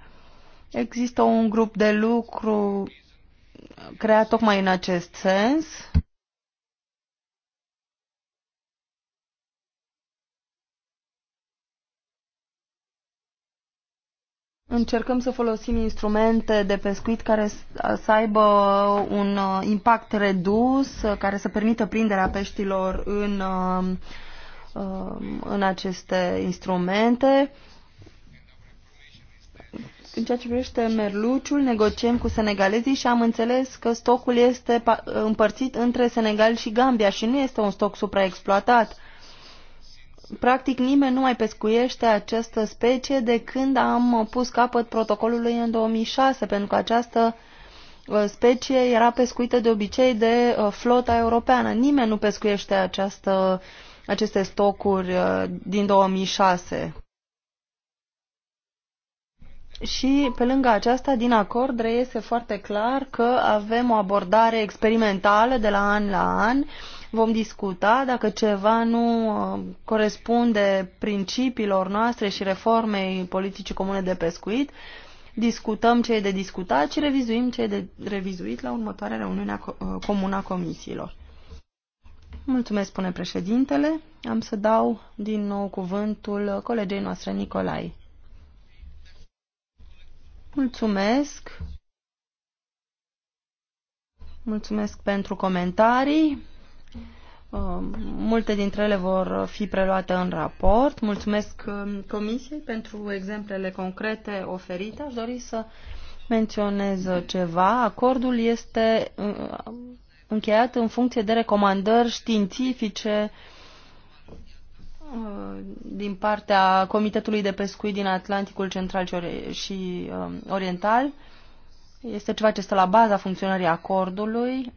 Există un grup de lucru creat tocmai în acest sens. Încercăm să folosim instrumente de pescuit care să aibă un uh, impact redus, uh, care să permită prinderea peștilor în, um, um, în aceste instrumente. În ceea ce privește merluciul, negociem cu senegalezii și am înțeles că stocul este împărțit între Senegal și Gambia și nu este un stoc supraexploatat practic nimeni nu mai pescuiește această specie de când am pus capăt protocolului în 2006, pentru că această uh, specie era pescuită de obicei de uh, flota europeană. Nimeni nu pescuiește această, aceste stocuri uh, din 2006. Și pe lângă aceasta, din acord, reiese foarte clar că avem o abordare experimentală de la an la an Vom discuta dacă ceva nu uh, corespunde principiilor noastre și reformei politicii comune de pescuit. Discutăm ce e de discutat și revizuim ce e de revizuit la următoarea reuniune uh, comună a comisiilor. Mulțumesc, spune președintele. Am să dau din nou cuvântul colegei noastre, Nicolai. Mulțumesc. Mulțumesc pentru comentarii. Um, multe dintre ele vor fi preluate în raport. Mulțumesc um, Comisiei pentru exemplele concrete oferite. Aș dori să menționez ceva. Acordul este uh, încheiat în funcție de recomandări științifice uh, din partea Comitetului de Pescuit din Atlanticul Central și um, Oriental. Este ceva ce stă la baza funcționării acordului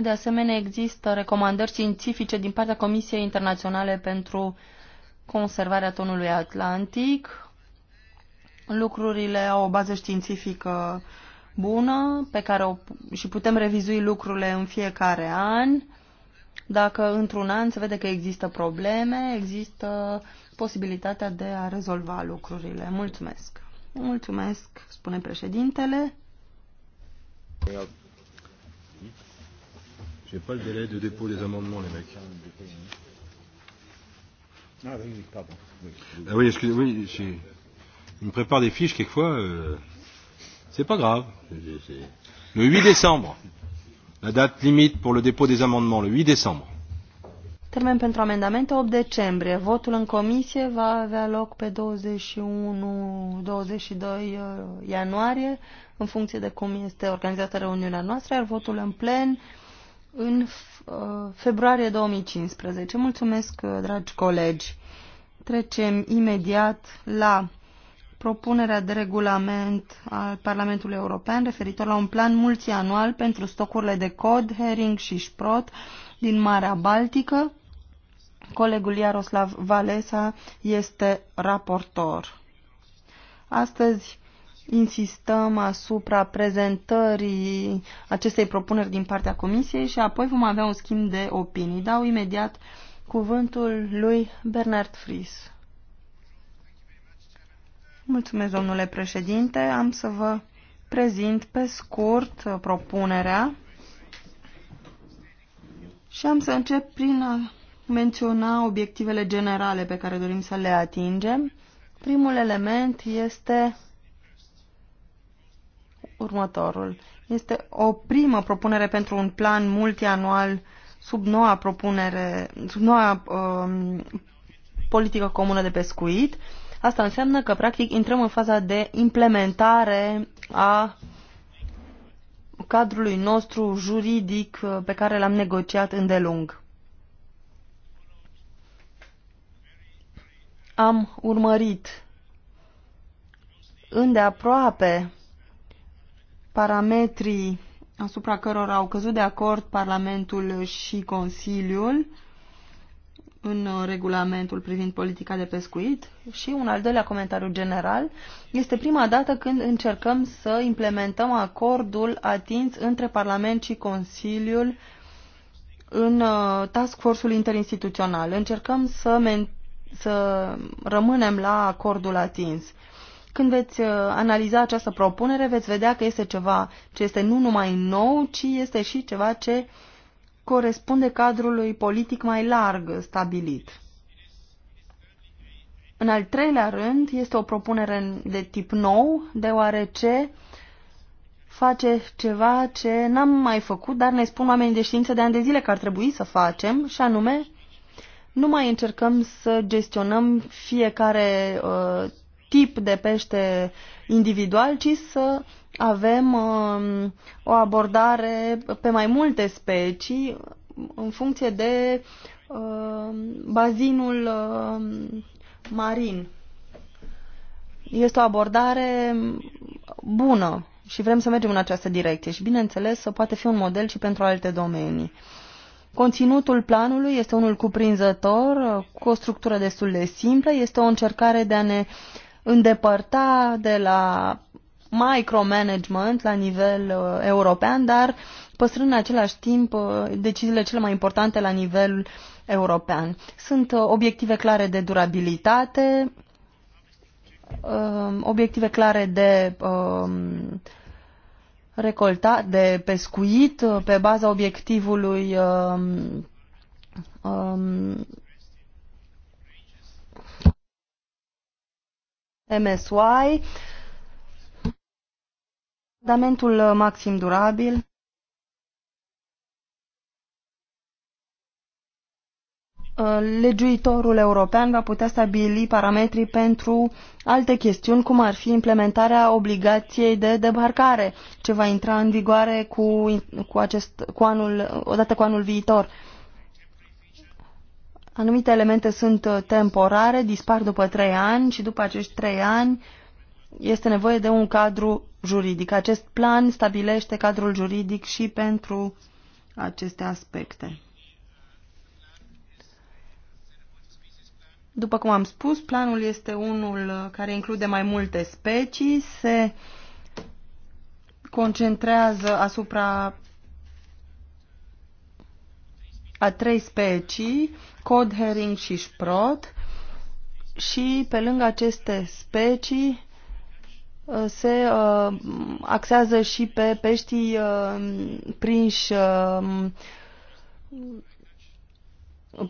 de asemenea, există recomandări științifice din partea Comisiei Internaționale pentru conservarea tonului atlantic. Lucrurile au o bază științifică bună pe care o, și putem revizui lucrurile în fiecare an. Dacă într-un an se vede că există probleme, există posibilitatea de a rezolva lucrurile. Mulțumesc. Mulțumesc, spune președintele. Yeah. Je n'ai pas le délai de dépôt des amendements, les mecs. Ah oui, pardon. Oui, ah oui excusez oui, je me prépare des fiches quelquefois. Euh, c'est pas grave. Le 8 décembre, la date limite pour le dépôt des amendements, le 8 décembre. Termen pentru amendamente 8 decembrie. Votul în comisie va avea loc pe 21-22 uh, ianuarie, în funcție de cum este organizată reuniunea noastră, iar votul în plen în uh, februarie 2015. Mulțumesc, uh, dragi colegi. Trecem imediat la propunerea de regulament al Parlamentului European referitor la un plan multianual pentru stocurile de cod, herring și șprot din Marea Baltică. Colegul Iaroslav Valesa este raportor. Astăzi insistăm asupra prezentării acestei propuneri din partea Comisiei și apoi vom avea un schimb de opinii. Dau imediat cuvântul lui Bernard Fries. Mulțumesc, domnule președinte. Am să vă prezint pe scurt propunerea și am să încep prin a menționa obiectivele generale pe care dorim să le atingem. Primul element este următorul. Este o primă propunere pentru un plan multianual sub noua propunere, sub noua um, politică comună de pescuit. Asta înseamnă că, practic, intrăm în faza de implementare a cadrului nostru juridic uh, pe care l-am negociat îndelung. Am urmărit îndeaproape parametrii asupra cărora au căzut de acord Parlamentul și Consiliul în regulamentul privind politica de pescuit și un al doilea comentariu general este prima dată când încercăm să implementăm acordul atins între Parlament și Consiliul în uh, task force-ul interinstituțional. Încercăm să, să rămânem la acordul atins. Când veți uh, analiza această propunere, veți vedea că este ceva ce este nu numai nou, ci este și ceva ce corespunde cadrului politic mai larg stabilit. În al treilea rând, este o propunere de tip nou, deoarece face ceva ce n-am mai făcut, dar ne spun oamenii de știință de ani de zile că ar trebui să facem, și anume nu mai încercăm să gestionăm fiecare uh, tip de pește individual, ci să avem um, o abordare pe mai multe specii în funcție de um, bazinul um, marin. Este o abordare bună și vrem să mergem în această direcție și, bineînțeles, poate fi un model și pentru alte domenii. Conținutul planului este unul cuprinzător, cu o structură destul de simplă, este o încercare de a ne îndepărta de la micromanagement la nivel uh, european, dar păstrând în același timp uh, deciziile cele mai importante la nivel european. Sunt uh, obiective clare de durabilitate, uh, obiective clare de uh, um, recoltat, de pescuit uh, pe baza obiectivului uh, MSY, fundamentul maxim durabil, legiuitorul european va putea stabili parametrii pentru alte chestiuni, cum ar fi implementarea obligației de debarcare, ce va intra în vigoare cu, cu acest, cu anul, odată cu anul viitor. Anumite elemente sunt uh, temporare, dispar după trei ani și după acești trei ani este nevoie de un cadru juridic. Acest plan stabilește cadrul juridic și pentru aceste aspecte. După cum am spus, planul este unul uh, care include mai multe specii, se concentrează asupra a trei specii, cod, herring și șprot, și pe lângă aceste specii uh, se uh, axează și pe peștii uh, prinși uh,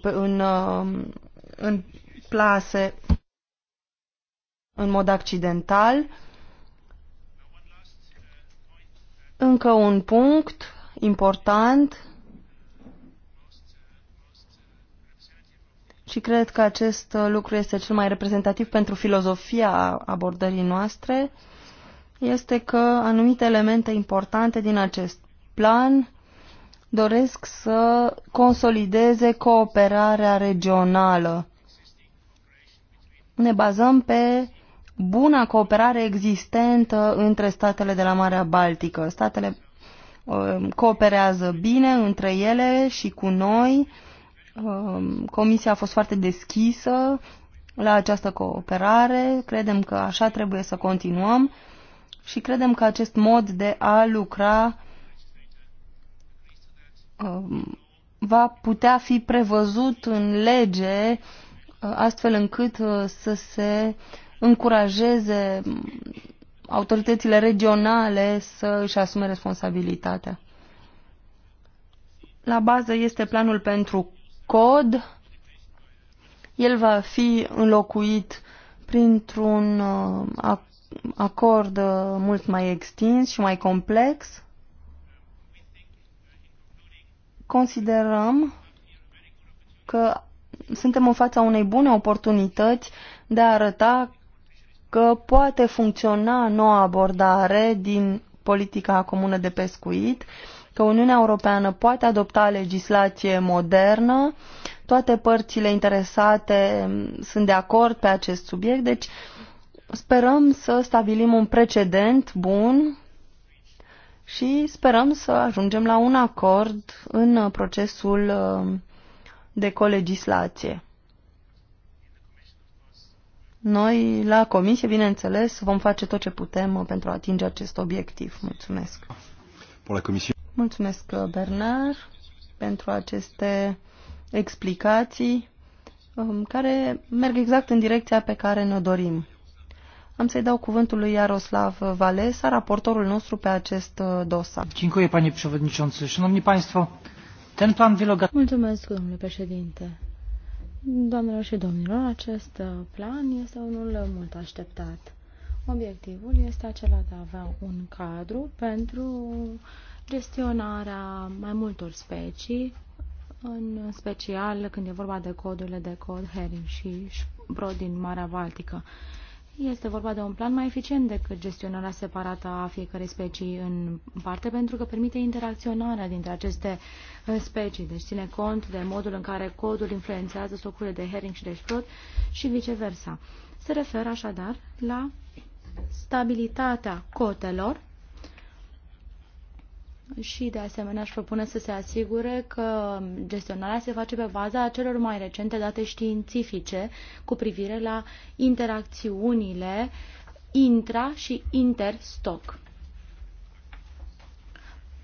pe, în, uh, în plase în mod accidental. Încă un punct important Și cred că acest uh, lucru este cel mai reprezentativ pentru filozofia abordării noastre, este că anumite elemente importante din acest plan doresc să consolideze cooperarea regională. Ne bazăm pe buna cooperare existentă între statele de la Marea Baltică. Statele uh, cooperează bine între ele și cu noi Um, comisia a fost foarte deschisă la această cooperare, credem că așa trebuie să continuăm și credem că acest mod de a lucra um, va putea fi prevăzut în lege uh, astfel încât uh, să se încurajeze um, autoritățile regionale să își asume responsabilitatea. La bază este planul pentru cod. El va fi înlocuit printr-un uh, acord uh, mult mai extins și mai complex. Considerăm că suntem în fața unei bune oportunități de a arăta că poate funcționa noua abordare din politica comună de pescuit că Uniunea Europeană poate adopta legislație modernă, toate părțile interesate mm, sunt de acord pe acest subiect, deci sperăm să stabilim un precedent bun și sperăm să ajungem la un acord în procesul mm, de colegislație. Noi, la comisie, bineînțeles, vom face tot ce putem mm, pentru a atinge acest obiectiv. Mulțumesc. Pour la Mulțumesc, uh, Bernard, pentru aceste explicații um, care merg exact în direcția pe care ne dorim. Am să-i dau cuvântul lui Iaroslav Valesa, raportorul nostru pe acest uh, dosar. Dziękuję, panie przewodniczący. Szanowni państwo, ten plan wielogat... Mulțumesc, domnule președinte. Doamnelor și domnilor, acest uh, plan este unul mult așteptat. Obiectivul este acela de a avea un cadru pentru uh, gestionarea mai multor specii, în special când e vorba de codurile de cod herring și pro din Marea Baltică. Este vorba de un plan mai eficient decât gestionarea separată a fiecărei specii în parte, pentru că permite interacționarea dintre aceste uh, specii, deci ține cont de modul în care codul influențează stocurile de herring și de șprot și viceversa. Se referă așadar la stabilitatea cotelor și de asemenea aș propune să se asigure că gestionarea se face pe baza celor mai recente date științifice cu privire la interacțiunile intra și interstoc.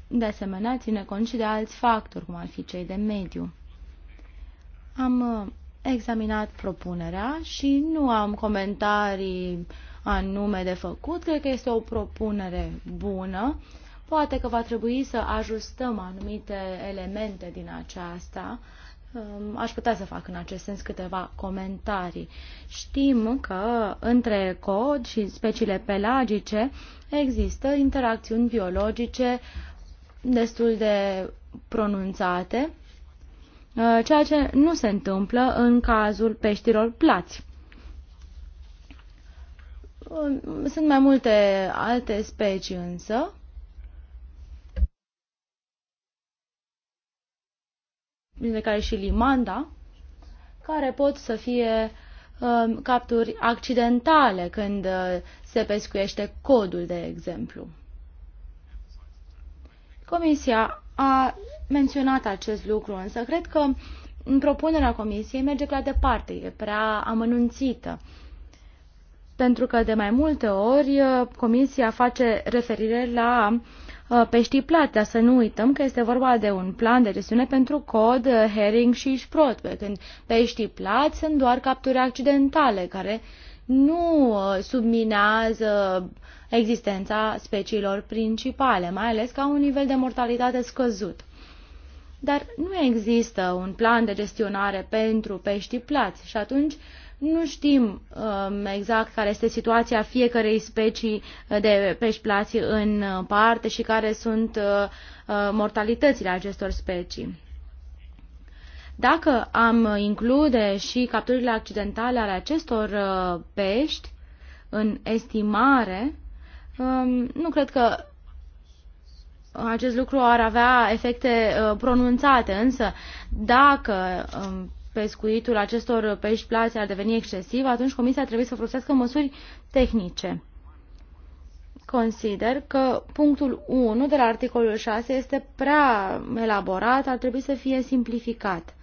De asemenea, ține cont și de alți factori, cum ar fi cei de mediu. Am uh, examinat propunerea și nu am comentarii anume de făcut. Cred că este o propunere bună Poate că va trebui să ajustăm anumite elemente din aceasta. Um, aș putea să fac în acest sens câteva comentarii. Știm că între cod și speciile pelagice există interacțiuni biologice destul de pronunțate, uh, ceea ce nu se întâmplă în cazul peștilor plați. Um, sunt mai multe alte specii însă printre care și Limanda, care pot să fie uh, capturi accidentale când uh, se pescuiește codul, de exemplu. Comisia a menționat acest lucru, însă cred că în propunerea Comisiei merge prea departe, e prea amănunțită. Pentru că de mai multe ori uh, Comisia face referire la Uh, peștii plata. Să nu uităm că este vorba de un plan de gestiune pentru cod, uh, herring și șprot, pe când peștii plați sunt doar capturi accidentale, care nu uh, subminează existența speciilor principale, mai ales ca un nivel de mortalitate scăzut. Dar nu există un plan de gestionare pentru peștii plați și atunci nu știm um, exact care este situația fiecarei specii uh, de pești plați în uh, parte și care sunt uh, uh, mortalitățile acestor specii. Dacă am include și capturile accidentale ale acestor uh, pești în estimare, um, nu cred că acest lucru ar avea efecte pronunțate, însă dacă um, pescuitul acestor pești plase ar deveni excesiv, atunci Comisia trebuie să folosească măsuri tehnice. Consider că punctul 1 de la articolul 6 este prea elaborat, ar trebui să fie simplificat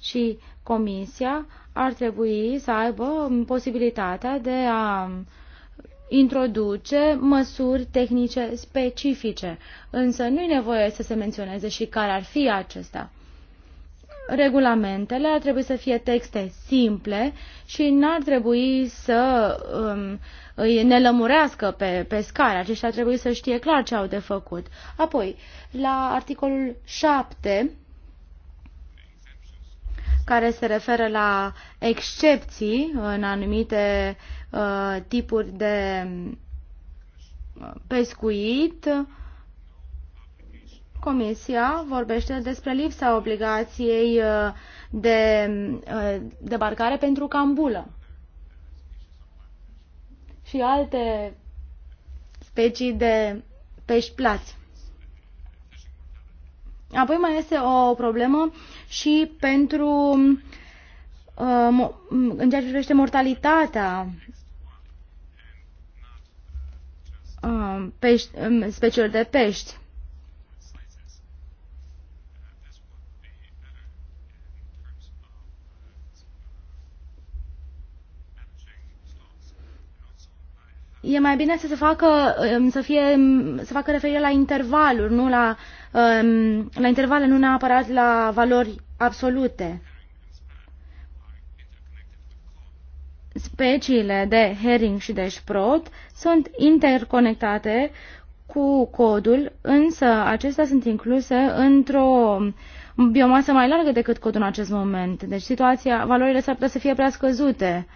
și Comisia ar trebui să aibă posibilitatea de a introduce măsuri tehnice specifice, însă nu e nevoie să se menționeze și care ar fi acestea regulamentele ar trebui să fie texte simple și n-ar trebui să um, îi lămurească pe scară. Aceștia ar trebui să știe clar ce au de făcut. Apoi, la articolul 7, care se referă la excepții în anumite uh, tipuri de uh, pescuit, uh, Comisia vorbește despre lipsa obligației uh, de uh, debarcare pentru cambulă și alte specii de pești plați. Apoi mai este o problemă și pentru uh, în ceea ce privește mortalitatea um, speciilor de pești. e mai bine să se facă, um, să fie, um, să facă referire la intervaluri, nu la, um, la intervale, nu neapărat la valori absolute. Speciile de herring și de șprot sunt interconectate cu codul, însă acestea sunt incluse într-o biomasă mai largă decât codul în acest moment. Deci situația, valorile s-ar putea să fie prea scăzute. Uh,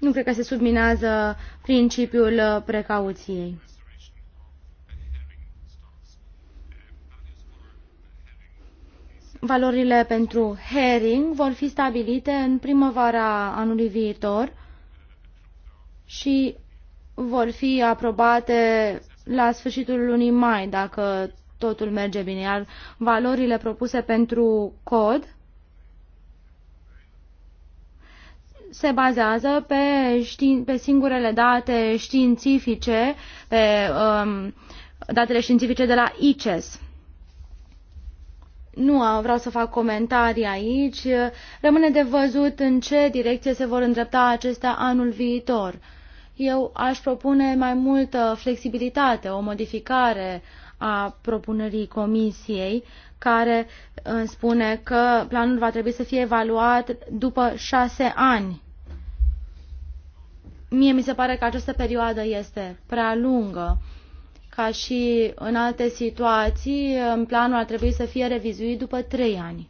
Nu cred că se subminează principiul uh, precauției. Valorile pentru herring vor fi stabilite în primăvara anului viitor și vor fi aprobate la sfârșitul lunii mai, dacă totul merge bine, iar valorile propuse pentru cod se bazează pe, știin, pe singurele date științifice, pe um, datele științifice de la ICES. Nu vreau să fac comentarii aici. Rămâne de văzut în ce direcție se vor îndrepta acestea anul viitor. Eu aș propune mai multă flexibilitate, o modificare a propunerii comisiei care îmi uh, spune că planul va trebui să fie evaluat după șase ani. Mie mi se pare că această perioadă este prea lungă. Ca și în alte situații, planul ar trebui să fie revizuit după trei ani.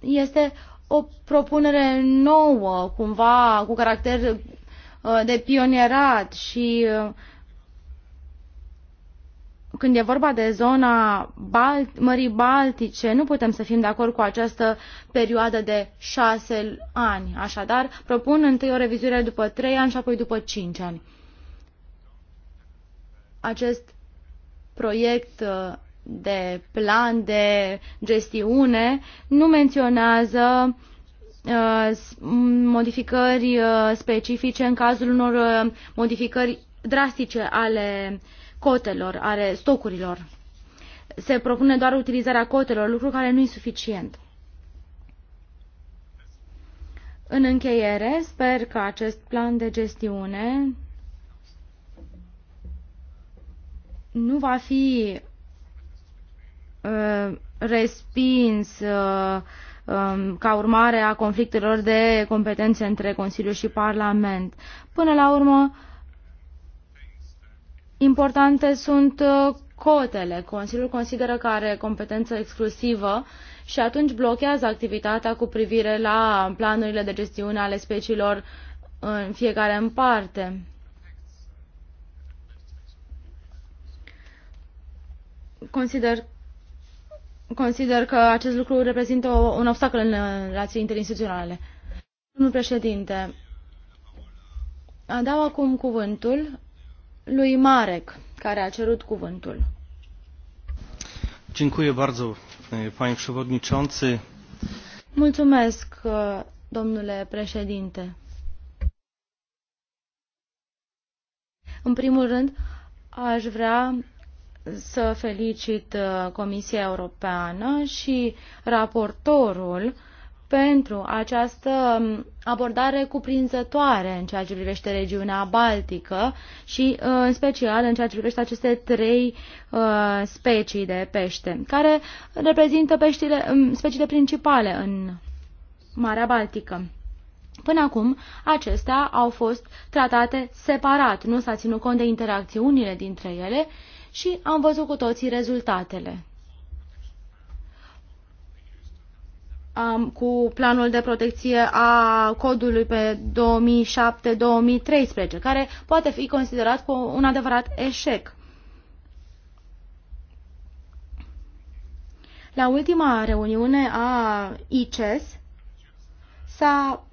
Este o propunere nouă, cumva, cu caracter uh, de pionierat și uh, când e vorba de zona Balt- Mării Baltice, nu putem să fim de acord cu această perioadă de șase ani. Așadar, propun întâi o revizuire după trei ani și apoi după cinci ani. Acest proiect uh, de plan de gestiune nu menționează uh, modificări uh, specifice în cazul unor modificări drastice ale uh, cotelor, ale stocurilor. Se propune doar utilizarea cotelor, lucru care nu e suficient. În încheiere, sper că acest plan de gestiune nu va fi uh, respins uh, um, ca urmare a conflictelor de competențe între Consiliu și Parlament. Până la urmă, uh, Importante sunt uh, cotele. Consiliul consideră că are competență exclusivă și atunci blochează activitatea cu privire la planurile de gestiune ale speciilor în fiecare în parte. Consider, consider că acest lucru reprezintă un obstacol în relații interinstituționale. Domnul președinte, dau acum cuvântul lui Marek, care a cerut cuvântul. Dziękuję bardzo, panie przewodniczący. Mulțumesc, domnule președinte. În primul rând, aș vrea să felicit Comisia Europeană și raportorul pentru această um, abordare cuprinzătoare în ceea ce privește regiunea baltică și uh, în special în ceea ce privește aceste trei uh, specii de pește, care reprezintă peștile, um, speciile principale în Marea Baltică. Până acum, acestea au fost tratate separat, nu s-a ținut cont de interacțiunile dintre ele și am văzut cu toții rezultatele. um, cu planul de protecție a codului pe 2007-2013, care poate fi considerat cu un adevărat eșec. La ultima reuniune a ICES s-a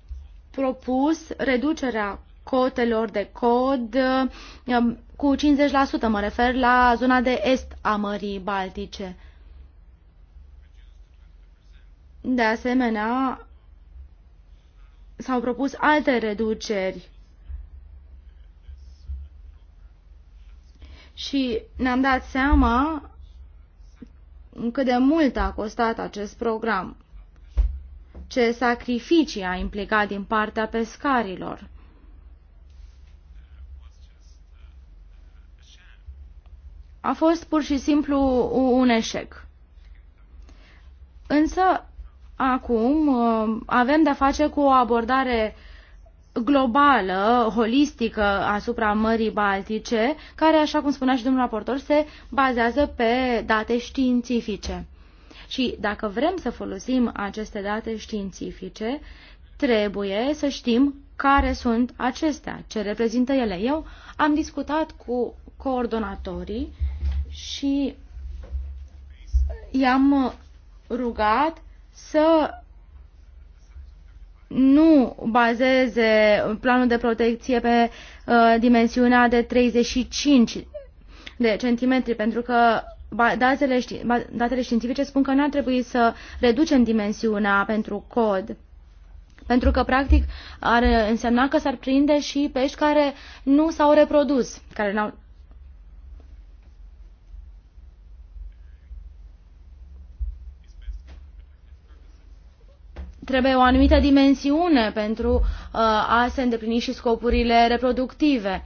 propus reducerea cotelor de cod um, cu 50%, mă refer la zona de est a Mării Baltice. De asemenea, s-au propus alte reduceri și ne-am dat seama cât de mult a costat acest program, ce sacrificii a implicat din partea pescarilor. A fost pur și simplu un eșec. Însă Acum uh, avem de-a face cu o abordare globală, holistică asupra Mării Baltice, care, așa cum spunea și domnul raportor, se bazează pe date științifice. Și dacă vrem să folosim aceste date științifice, trebuie să știm care sunt acestea, ce reprezintă ele. Eu am discutat cu coordonatorii și i-am rugat să nu bazeze planul de protecție pe uh, dimensiunea de 35 de centimetri, pentru că datele, ști, datele științifice spun că nu ar trebui să reducem dimensiunea pentru cod. Pentru că, practic, ar însemna că s-ar prinde și pești care nu s-au reprodus, care trebuie o anumită dimensiune pentru uh, a se îndeplini și scopurile reproductive.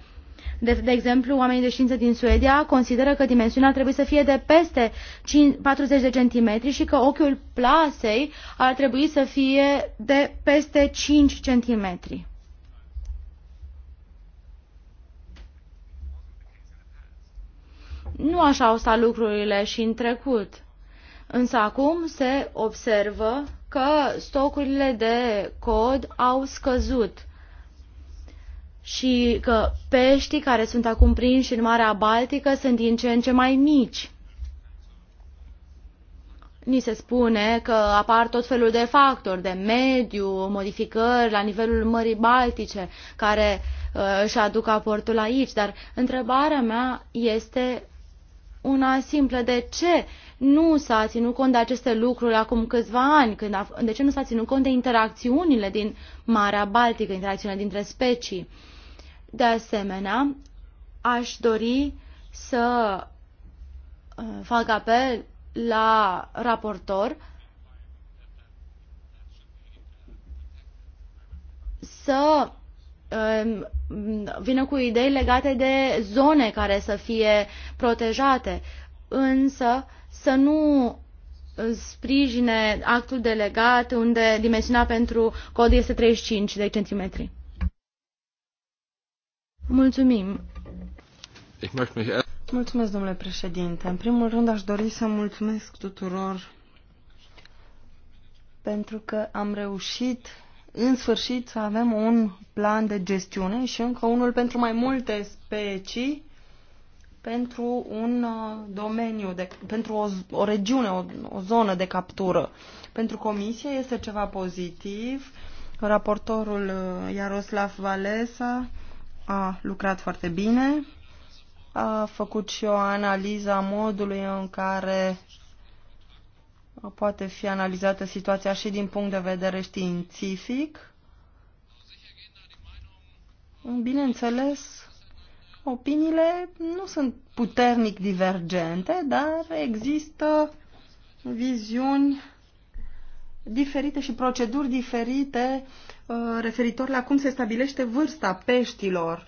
De, de exemplu, oamenii de știință din Suedia consideră că dimensiunea trebuie să fie de peste 5, 40 de centimetri și că ochiul plasei ar trebui să fie de peste 5 centimetri. Nu așa au stat lucrurile și în trecut. Însă acum se observă că stocurile de cod au scăzut și că peștii care sunt acum prinși în Marea Baltică sunt din ce în ce mai mici. Ni se spune că apar tot felul de factori de mediu, modificări la nivelul Mării Baltice care uh, își aduc aportul aici, dar întrebarea mea este una simplă. De ce nu s-a ținut cont de aceste lucruri acum câțiva ani. Când a, de ce nu s-a ținut cont de interacțiunile din Marea Baltică, interacțiunile dintre specii? De asemenea, aș dori să uh, fac apel la raportor să um, vină cu idei legate de zone care să fie protejate, însă să nu sprijine actul delegat unde dimensiunea pentru cod este 35 de centimetri. Mulțumim. Mulțumesc, domnule președinte. În primul rând aș dori să mulțumesc tuturor pentru că am reușit în sfârșit să avem un plan de gestiune și încă unul pentru mai multe specii pentru un uh, domeniu, de, pentru o, o regiune, o, o zonă de captură. Pentru comisie este ceva pozitiv. Raportorul uh, Iaroslav Valesa a lucrat foarte bine. A făcut și o analiză a modului în care poate fi analizată situația și din punct de vedere științific. Bineînțeles, opiniile nu sunt puternic divergente, dar există viziuni diferite și proceduri diferite uh, referitor la cum se stabilește vârsta peștilor.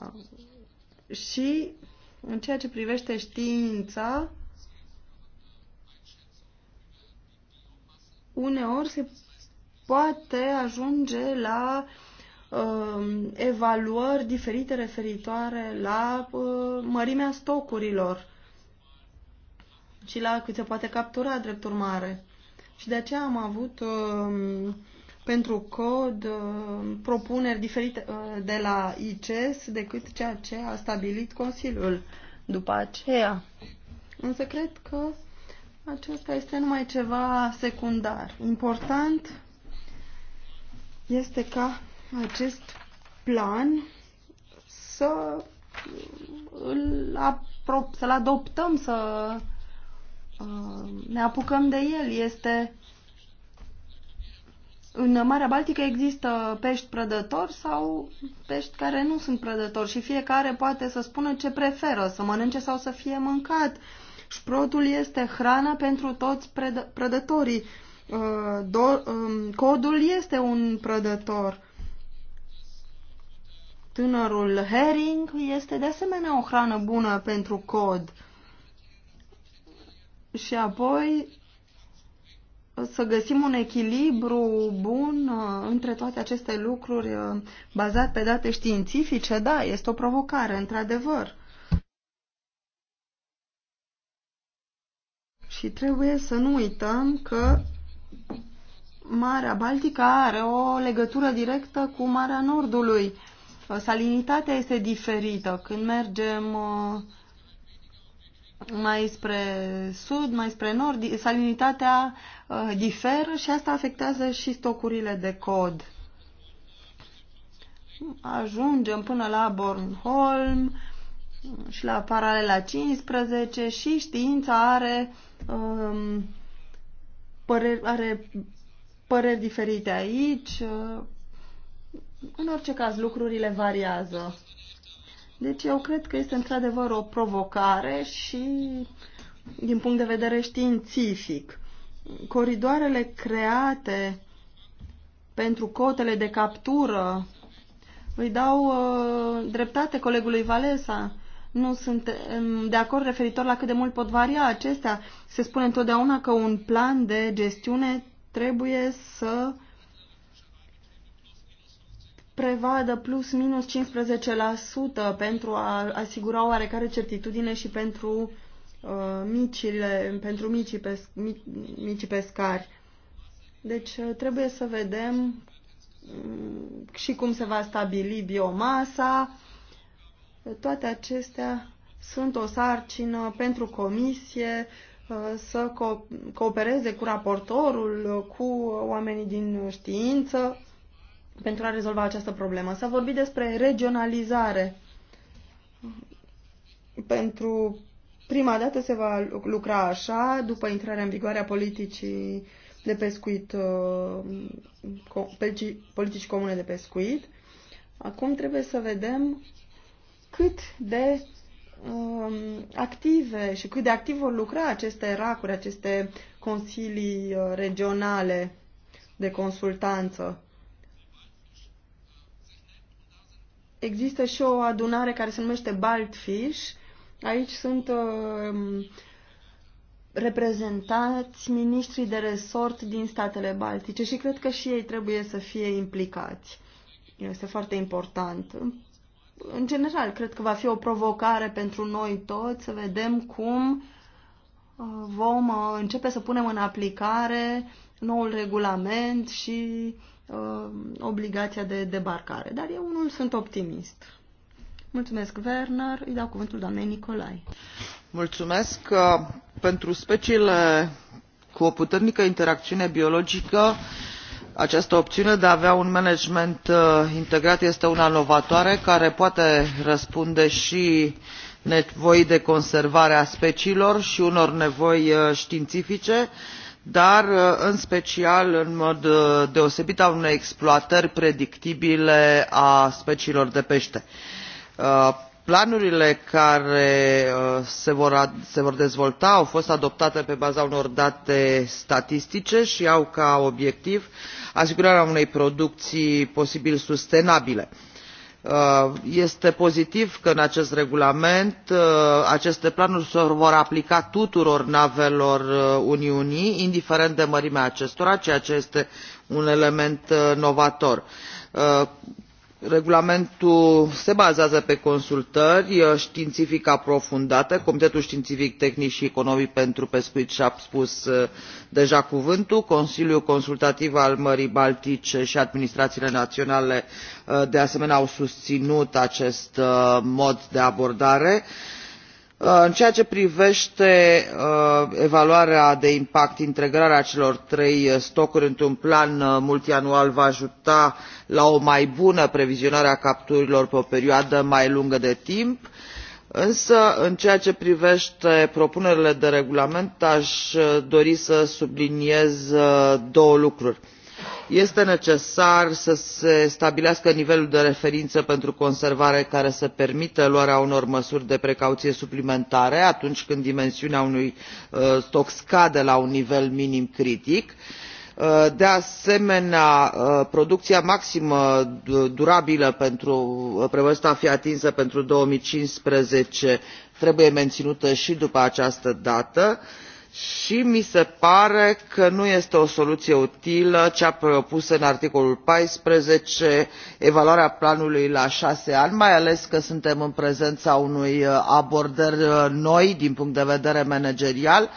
Uh, și în ceea ce privește știința, uneori se poate ajunge la uh, Um, evaluări diferite referitoare la uh, mărimea stocurilor și la cât se poate captura drept urmare. Și de aceea am avut um, pentru cod um, propuneri diferite uh, de la ICES decât ceea ce a stabilit Consiliul după aceea. Însă cred că acesta este numai ceva secundar. Important este ca acest plan să îl aprop, să-l adoptăm, să uh, ne apucăm de el. Este în Marea Baltică există pești prădători sau pești care nu sunt prădători și fiecare poate să spună ce preferă, să mănânce sau să fie mâncat. Șprotul este hrană pentru toți prădătorii. Uh, um, codul este un prădător. Tânărul herring este de asemenea o hrană bună pentru cod. Și apoi să găsim un echilibru bun uh, între toate aceste lucruri uh, bazat pe date științifice, da, este o provocare, într-adevăr. Și trebuie să nu uităm că Marea Baltică are o legătură directă cu Marea Nordului Salinitatea este diferită. Când mergem uh, mai spre sud, mai spre nord, salinitatea uh, diferă și asta afectează și stocurile de cod. Ajungem până la Bornholm și la paralela 15 și știința are, um, păreri, are păreri diferite aici. În orice caz, lucrurile variază. Deci eu cred că este într-adevăr o provocare și din punct de vedere științific. Coridoarele create pentru cotele de captură îi dau uh, dreptate colegului Valesa. Nu sunt um, de acord referitor la cât de mult pot varia acestea. Se spune întotdeauna că un plan de gestiune trebuie să uh, prevadă plus minus 15% pentru a asigura oarecare certitudine și pentru uh, micile, pentru micii, pesc, mi, micii pescari. Deci uh, trebuie să vedem mm, și cum se va stabili biomasa. Toate acestea sunt o sarcină pentru comisie uh, să co coopereze cu raportorul, uh, cu oamenii din știință pentru a rezolva această problemă. S-a vorbit despre regionalizare. Pentru prima dată se va lucra așa, după intrarea în vigoare a politicii de pescuit, uh, politici comune de pescuit. Acum trebuie să vedem cât de um, active și cât de activ vor lucra aceste racuri, aceste consilii uh, regionale de consultanță Există și o adunare care se numește Baltfish. Aici sunt uh, reprezentați ministrii de resort din statele baltice și cred că și ei trebuie să fie implicați. Este foarte important. În general, cred că va fi o provocare pentru noi toți să vedem cum uh, vom uh, începe să punem în aplicare noul regulament și uh, obligația de debarcare. Dar eu unul sunt optimist. Mulțumesc, Werner. Îi dau cuvântul doamnei Nicolai. Mulțumesc. Uh, pentru speciile cu o puternică interacțiune biologică, această opțiune de a avea un management uh, integrat este una novatoare care poate răspunde și nevoii de conservare a speciilor și unor nevoi uh, științifice dar uh, în special în mod uh, deosebit a unei exploatări predictibile a speciilor de pește. Uh, planurile care se vor, se vor dezvolta au fost adoptate pe baza unor date statistice și au ca obiectiv asigurarea unei producții posibil sustenabile. Uh, este pozitiv că în acest regulament uh, aceste planuri se vor aplica tuturor navelor uh, uniunii indiferent de mărimea acestora ceea ce este un element novator regulamentul se bazează pe consultări uh, științific aprofundate comitetul științific tehnic și economic pentru pescuit și a spus uh, deja cuvântul consiliul consultativ al mării baltice și administrațiile naționale uh, de asemenea au susținut acest mod de abordare și în ceea ce privește uh, evaluarea de impact integrarea celor trei uh, stocuri într un plan uh, multianual va ajuta la o mai bună previzionare a capturilor pe o perioadă mai lungă de timp însă în ceea ce privește propunerile de regulament aș dori să subliniez două lucruri este necesar să se stabilească nivelul de referință pentru conservare care să permită luarea unor măsuri de precauție suplimentare atunci când dimensiunea unui uh, stoc scade la un nivel minim critic uh, de asemenea uh, producția maximă durabilă prevăzută a fi atinsă pentru două mii cincisprezece trebuie menținută și după această dată și și mi se pare că nu este o soluție utilă cea propusă în articolul paisprezece evaluarea planului la șase ani mai ales că suntem în prezența unei uh, abordări uh, noi din punct de vedere managerial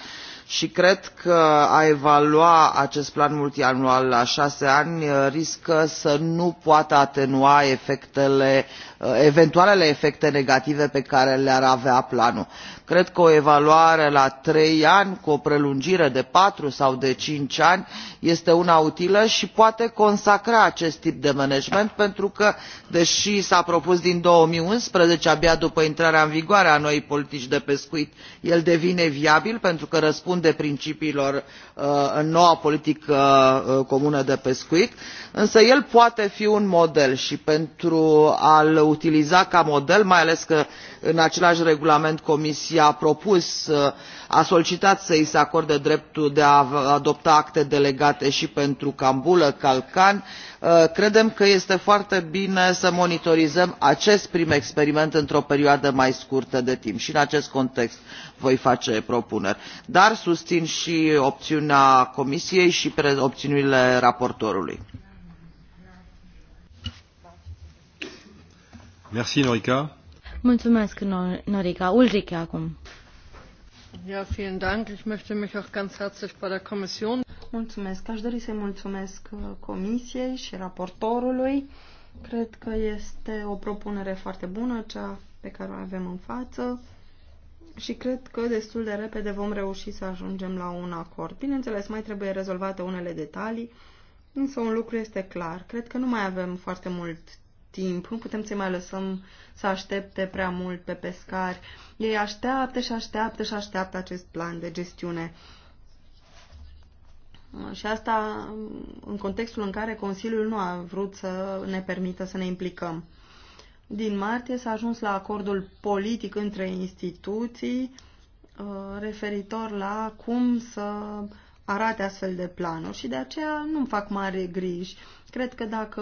și cred că a evalua acest plan multianual la șase ani uh, riscă să nu poată atenua efectele Uh, eventualele efecte negative pe care le ar avea planul. cred că o evaluare la trei ani cu o prelungire de patru sau de cinci ani este una utilă și poate consacra acest tip de management pentru că deși s a propus din 2011, abia după intrarea în vigoare a noii politici de pescuit el devine viabil pentru că răspunde principiilor uh, în noua politică uh, comună de pescuit însă el poate fi un model și pentru a l utiliza ca model mai ales că în același regulament comisia a propus a solicitat să i se acorde dreptul de a adopta acte delegate și pentru cambulă calcan credem că este foarte bine să monitorizăm acest prim experiment într o perioadă mai scurtă de timp și în acest context voi face propuneri dar susțin și opțiunea comisiei și opțiunile raportorului. Merci, Norica. Mulțumesc, Norica. Ulrike acum. Ja, vielen Dank. Ich möchte mich auch ganz herzlich bei der Kommission. Mulțumesc. Aș dori să-i mulțumesc uh, Comisiei și raportorului. Cred că este o propunere foarte bună cea pe care o avem în față și cred că destul de repede vom reuși să ajungem la un acord. Bineînțeles, mai trebuie rezolvate unele detalii, însă un lucru este clar. Cred că nu mai avem foarte mult timp. Nu putem să-i mai lăsăm să aștepte prea mult pe pescari. Ei așteaptă și așteaptă și așteaptă acest plan de gestiune. Și asta în contextul în care Consiliul nu a vrut să ne permită să ne implicăm. Din martie s-a ajuns la acordul politic între instituții uh, referitor la cum să arate astfel de planuri și de aceea nu-mi fac mare griji. Cred că dacă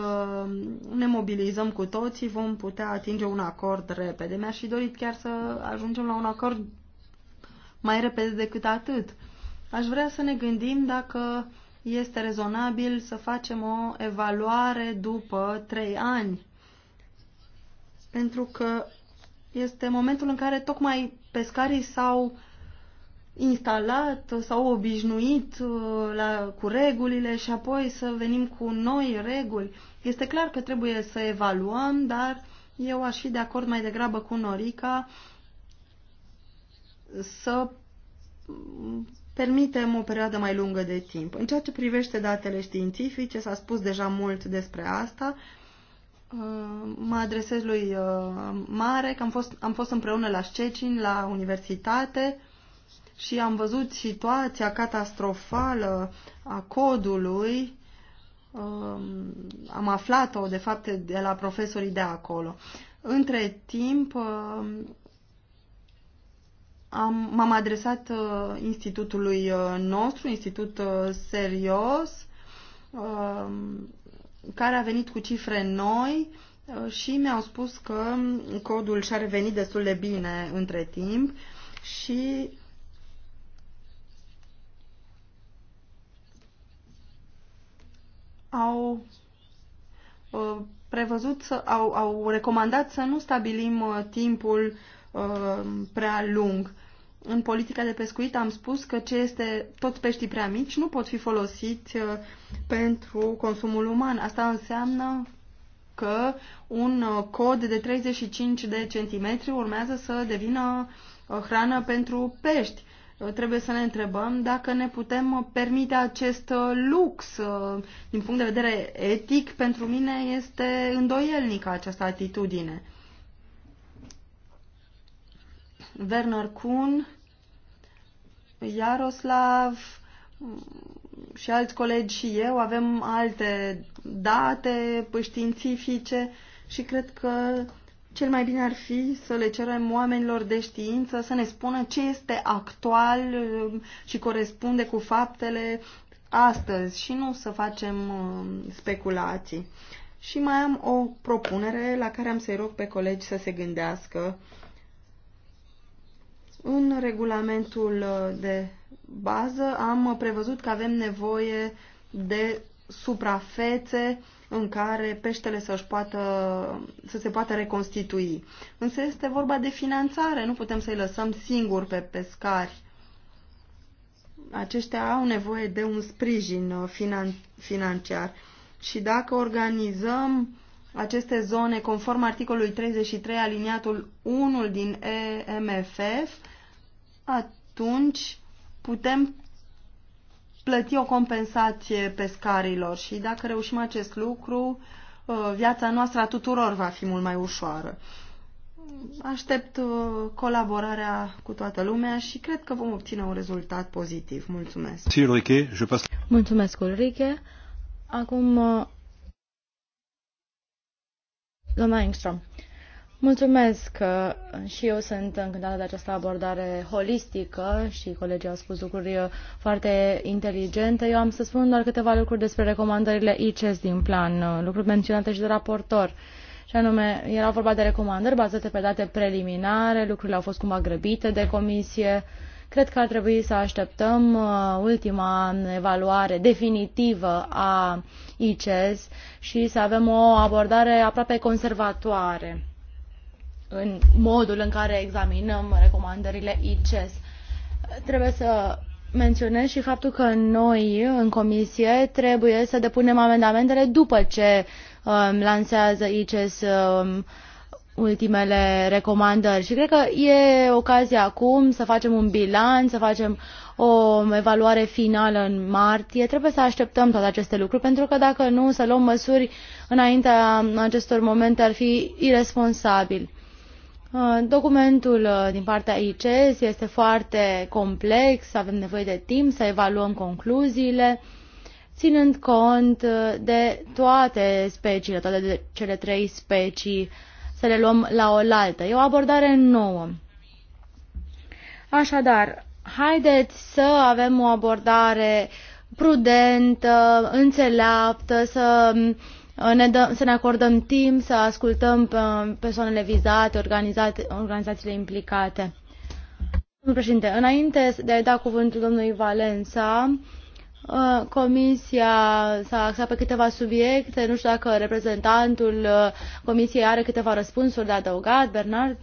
ne mobilizăm cu toții vom putea atinge un acord repede. Mi-aș fi dorit chiar să ajungem la un acord mai repede decât atât. Aș vrea să ne gândim dacă este rezonabil să facem o evaluare după trei ani. Pentru că este momentul în care tocmai pescarii s-au instalat sau obișnuit uh, la, cu regulile și apoi să venim cu noi reguli. Este clar că trebuie să evaluăm, dar eu aș fi de acord mai degrabă cu Norica să mm, permitem o perioadă mai lungă de timp. În ceea ce privește datele științifice, s-a spus deja mult despre asta. Uh, mă adresez lui uh, Mare, că am fost, am fost împreună la Șcecin, la universitate, și am văzut situația catastrofală a codului. Um, am aflat-o, de fapt, de la profesorii de acolo. Între timp, um, m-am adresat uh, institutului uh, nostru, institut uh, serios, um, care a venit cu cifre noi și mi-au spus că codul și-a revenit destul de bine între timp și au uh, prevăzut, să, au, au recomandat să nu stabilim uh, timpul uh, prea lung. În politica de pescuit am spus că ce este tot peștii prea mici nu pot fi folosiți pentru consumul uman. Asta înseamnă că un cod de 35 de centimetri urmează să devină hrană pentru pești trebuie să ne întrebăm dacă ne putem permite acest lux. Uh, din punct de vedere etic, pentru mine este îndoielnică această atitudine. Werner Kuhn, Iaroslav mm, și alți colegi și eu avem alte date păi științifice și cred că cel mai bine ar fi să le cerem oamenilor de știință să ne spună ce este actual um, și corespunde cu faptele astăzi și nu să facem um, speculații. Și mai am o propunere la care am să-i rog pe colegi să se gândească. În regulamentul uh, de bază am prevăzut că avem nevoie de suprafețe în care peștele să, poată, să se poată reconstitui. Însă este vorba de finanțare, nu putem să-i lăsăm singuri pe pescari. Aceștia au nevoie de un sprijin uh, finan- financiar. Și dacă organizăm aceste zone conform articolului 33 aliniatul 1 din EMFF, atunci putem plăti o compensație pescarilor și dacă reușim acest lucru, uh, viața noastră a tuturor va fi mult mai ușoară. Aștept uh, colaborarea cu toată lumea și cred că vom obține un rezultat pozitiv. Mulțumesc. Mulțumesc, Ulrike. Acum, uh, doamna Engström. Mulțumesc uh, și eu sunt încântată de această abordare holistică și colegii au spus lucruri uh, foarte inteligente. Eu am să spun doar câteva lucruri despre recomandările ICES din plan, uh, lucruri menționate și de raportor. Și anume, era vorba de recomandări bazate pe date preliminare, lucrurile au fost cumva grăbite de comisie. Cred că ar trebui să așteptăm ultima evaluare definitivă a ICES și să avem o abordare aproape conservatoare în modul în care examinăm recomandările ICES. Trebuie să menționez și faptul că noi, în comisie, trebuie să depunem amendamentele după ce um, lansează ICES um, ultimele recomandări. Și cred că e ocazia acum să facem un bilanț, să facem o evaluare finală în martie. Trebuie să așteptăm toate aceste lucruri, pentru că dacă nu, să luăm măsuri înaintea acestor momente ar fi irresponsabil. Uh, documentul uh, din partea ICS este foarte complex, avem nevoie de timp să evaluăm concluziile, ținând cont uh, de toate speciile, toate cele trei specii, să le luăm la oaltă. E o abordare nouă. Așadar, haideți să avem o abordare prudentă, înțeleaptă, să Uh, ne dă, să ne acordăm timp, să ascultăm pe uh, persoanele vizate, organizațiile implicate. Domnul președinte, înainte de a da cuvântul domnului Valența, uh, Comisia s-a axat pe câteva subiecte. Nu știu dacă reprezentantul Comisiei are câteva răspunsuri de adăugat. Bernard?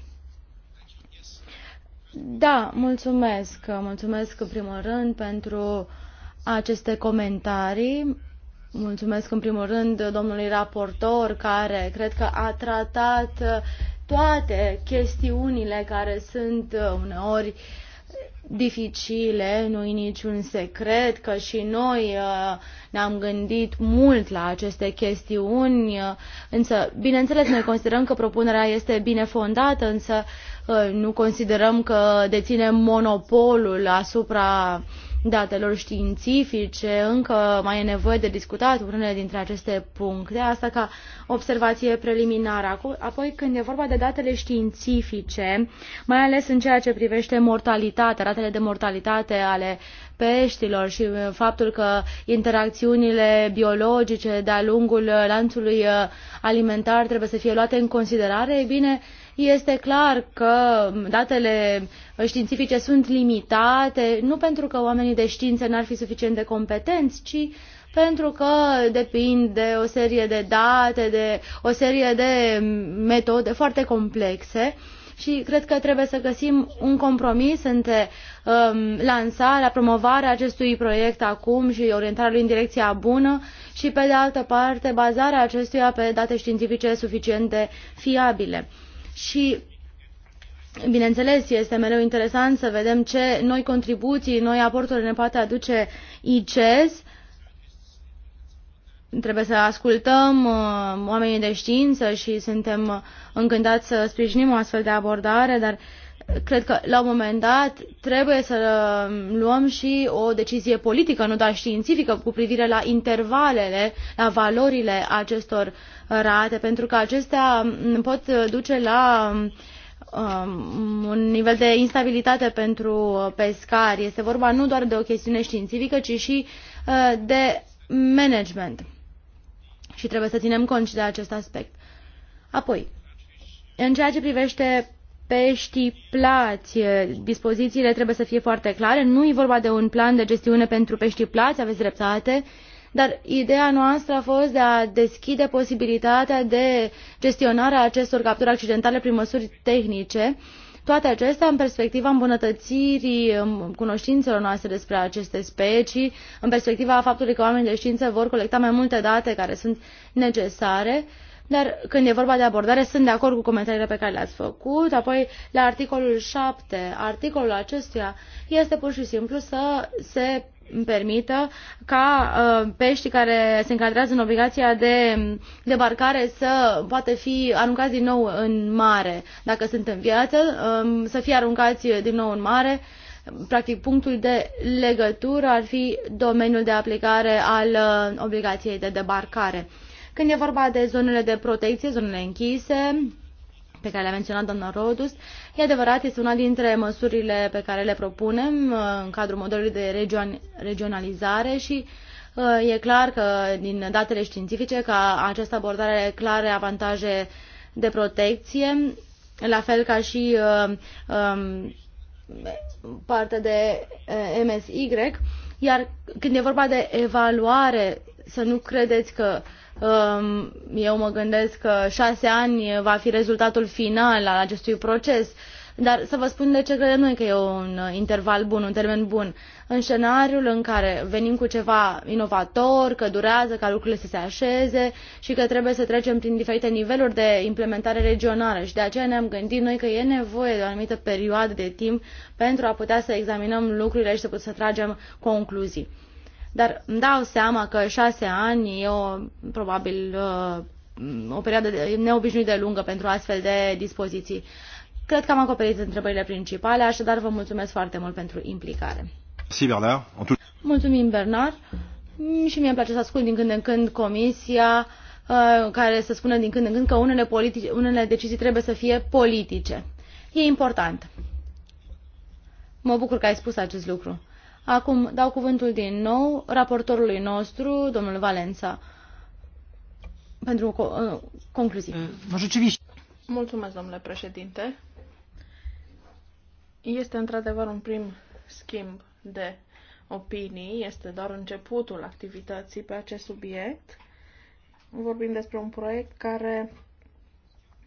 Da, mulțumesc. Mulțumesc în primul rând pentru aceste comentarii. Mulțumesc în primul rând domnului raportor care cred că a tratat uh, toate chestiunile care sunt uh, uneori dificile, nu e niciun secret că și noi uh, ne-am gândit mult la aceste chestiuni, însă, bineînțeles, noi considerăm că propunerea este bine fondată, însă nu considerăm că deținem monopolul asupra uh, datelor științifice. Încă mai e nevoie de discutat unele dintre aceste puncte, asta ca observație preliminară. Apoi, când e vorba de datele științifice, mai ales în ceea ce privește mortalitatea, ratele de mortalitate ale peștilor și uh, faptul că interacțiunile biologice de-a lungul uh, lanțului uh, alimentar trebuie să fie luate în considerare, e bine, este clar că datele științifice sunt limitate, nu pentru că oamenii de știință n-ar fi suficient de competenți, ci pentru că depind de o serie de date, de o serie de metode foarte complexe și cred că trebuie să găsim un compromis între um, lansarea, promovarea acestui proiect acum și orientarea lui în direcția bună și, pe de altă parte, bazarea acestuia pe date științifice suficient de fiabile și Bineînțeles, este mereu interesant să vedem ce noi contribuții, noi aporturi ne poate aduce ICES. Trebuie să ascultăm uh, oamenii de știință și suntem încântați să sprijinim o astfel de abordare, dar cred că la un moment dat trebuie să um, luăm și o decizie politică, nu doar științifică, cu privire la intervalele, la valorile acestor rate, pentru că acestea um, pot duce la um, un nivel de instabilitate pentru pescari. Este vorba nu doar de o chestiune științifică, ci și uh, de management. Și trebuie să ținem cont și de acest aspect. Apoi, în ceea ce privește peștii plați. Dispozițiile trebuie să fie foarte clare. Nu e vorba de un plan de gestiune pentru peștii plați, aveți dreptate, dar ideea noastră a fost de a deschide posibilitatea de gestionare a acestor capturi accidentale prin măsuri tehnice. Toate acestea în perspectiva îmbunătățirii um, cunoștințelor noastre despre aceste specii, în perspectiva faptului că oamenii de știință vor colecta mai multe date care sunt necesare uh, dar când e vorba de abordare, sunt de acord cu comentariile pe care le-ați făcut. Apoi, la articolul 7, articolul acestuia este pur și simplu să se permită ca uh, peștii care se încadrează în obligația de debarcare să poată fi aruncați din nou în mare. Dacă sunt în viață, um, să fie aruncați din nou în mare. Practic, punctul de legătură ar fi domeniul de aplicare al uh, obligației de debarcare. Când e vorba de zonele de protecție, zonele închise, pe care le-a menționat doamna Rodus, e adevărat, este una dintre măsurile pe care le propunem uh, în cadrul modelului de regionalizare și uh, e clar că din datele științifice că această abordare are clare avantaje de protecție, la fel ca și uh, um, parte de MSY, iar când e vorba de evaluare, să nu credeți că uh, Um, eu mă gândesc că șase ani va fi rezultatul final al acestui proces. Dar să vă spun de ce credem noi că e un interval bun, un termen bun. În scenariul în care venim cu ceva inovator, că durează ca lucrurile să se așeze și că trebuie să trecem prin diferite niveluri de implementare regională și de aceea ne-am gândit noi că e nevoie de o anumită perioadă de timp pentru a putea să examinăm lucrurile și să putem să tragem concluzii. Dar îmi dau seama că șase ani e o, probabil uh, o perioadă neobișnuit de lungă pentru astfel de dispoziții. Cred că am acoperit întrebările principale, așadar vă mulțumesc foarte mult pentru implicare. Mulțumim, Bernard. Și mie îmi place să ascult din când în când comisia uh, care să spună din când în când că unele, politici, unele decizii trebuie să fie politice. E important. Mă bucur că ai spus acest lucru. Acum dau cuvântul din nou raportorului nostru, domnul Valența, pentru co- uh, concluzii. Mm, Mulțumesc, domnule președinte. Este într-adevăr un prim schimb de opinii, este doar începutul activității pe acest subiect. Vorbim despre un proiect care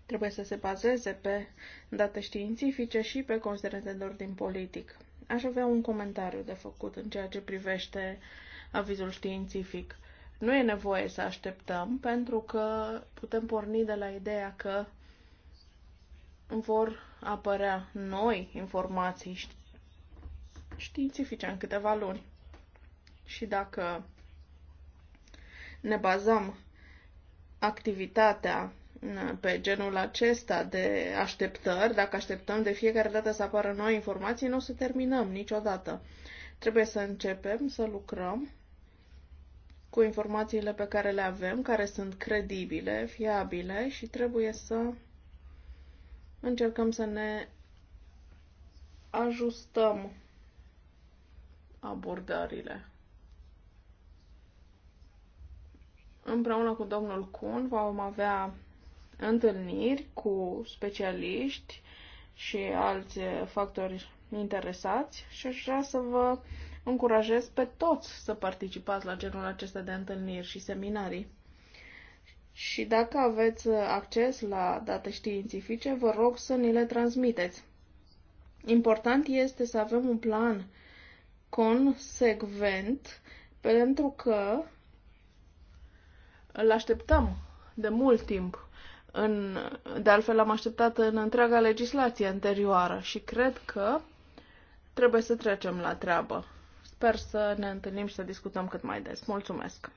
trebuie să se bazeze pe date științifice și pe considerente de ordin politic. Aș avea un comentariu de făcut în ceea ce privește avizul științific. Nu e nevoie să așteptăm, pentru că putem porni de la ideea că vor apărea noi informații științifice în câteva luni. Și dacă ne bazăm activitatea pe genul acesta de așteptări, dacă așteptăm de fiecare dată să apară noi informații, nu o să terminăm niciodată. Trebuie să începem să lucrăm cu informațiile pe care le avem, care sunt credibile, fiabile și trebuie să încercăm să ne ajustăm abordările. Împreună cu domnul Kun vom avea întâlniri cu specialiști și alți factori interesați și aș vrea să vă încurajez pe toți să participați la genul acesta de întâlniri și seminarii. Și dacă aveți acces la date științifice, vă rog să ni le transmiteți. Important este să avem un plan consecvent pentru că îl așteptăm de mult timp în, de altfel am așteptat în întreaga legislație anterioară și cred că trebuie să trecem la treabă. Sper să ne întâlnim și să discutăm cât mai des. Mulțumesc!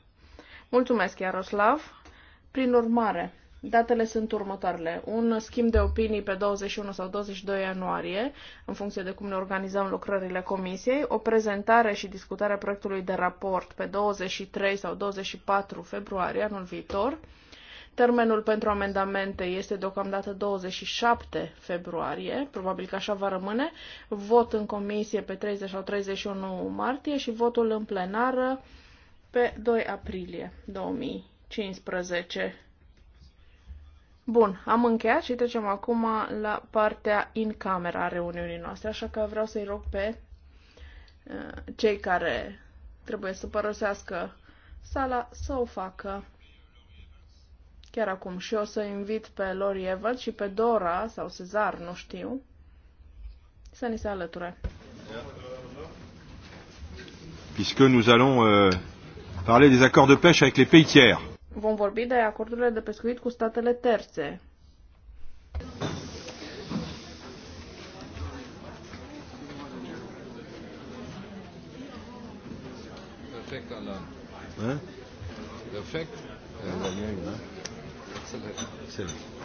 Mulțumesc, Iaroslav! Prin urmare, Datele sunt următoarele. Un schimb de opinii pe 21 sau 22 ianuarie, în funcție de cum ne organizăm lucrările comisiei, o prezentare și a proiectului de raport pe 23 sau 24 februarie anul viitor, Termenul pentru amendamente este deocamdată 27 februarie, probabil că așa va rămâne, vot în comisie pe 30 sau 31 martie și votul în plenară pe 2 aprilie 2015. Bun, am încheiat și trecem acum la partea in camera a reuniunii noastre, așa că vreau să-i rog pe uh, cei care trebuie să părăsească sala să o facă chiar acum și o să invit pe Lori Evert și pe Dora sau Cezar, nu știu, să ni se alăture. Puisque nous allons euh, parler des accords de pêche avec les pays tiers. Vom vorbi de acordurile de pescuit cu statele terțe. Perfect, Alan. Hein? Perfect. Euh, Excelent. Excelent.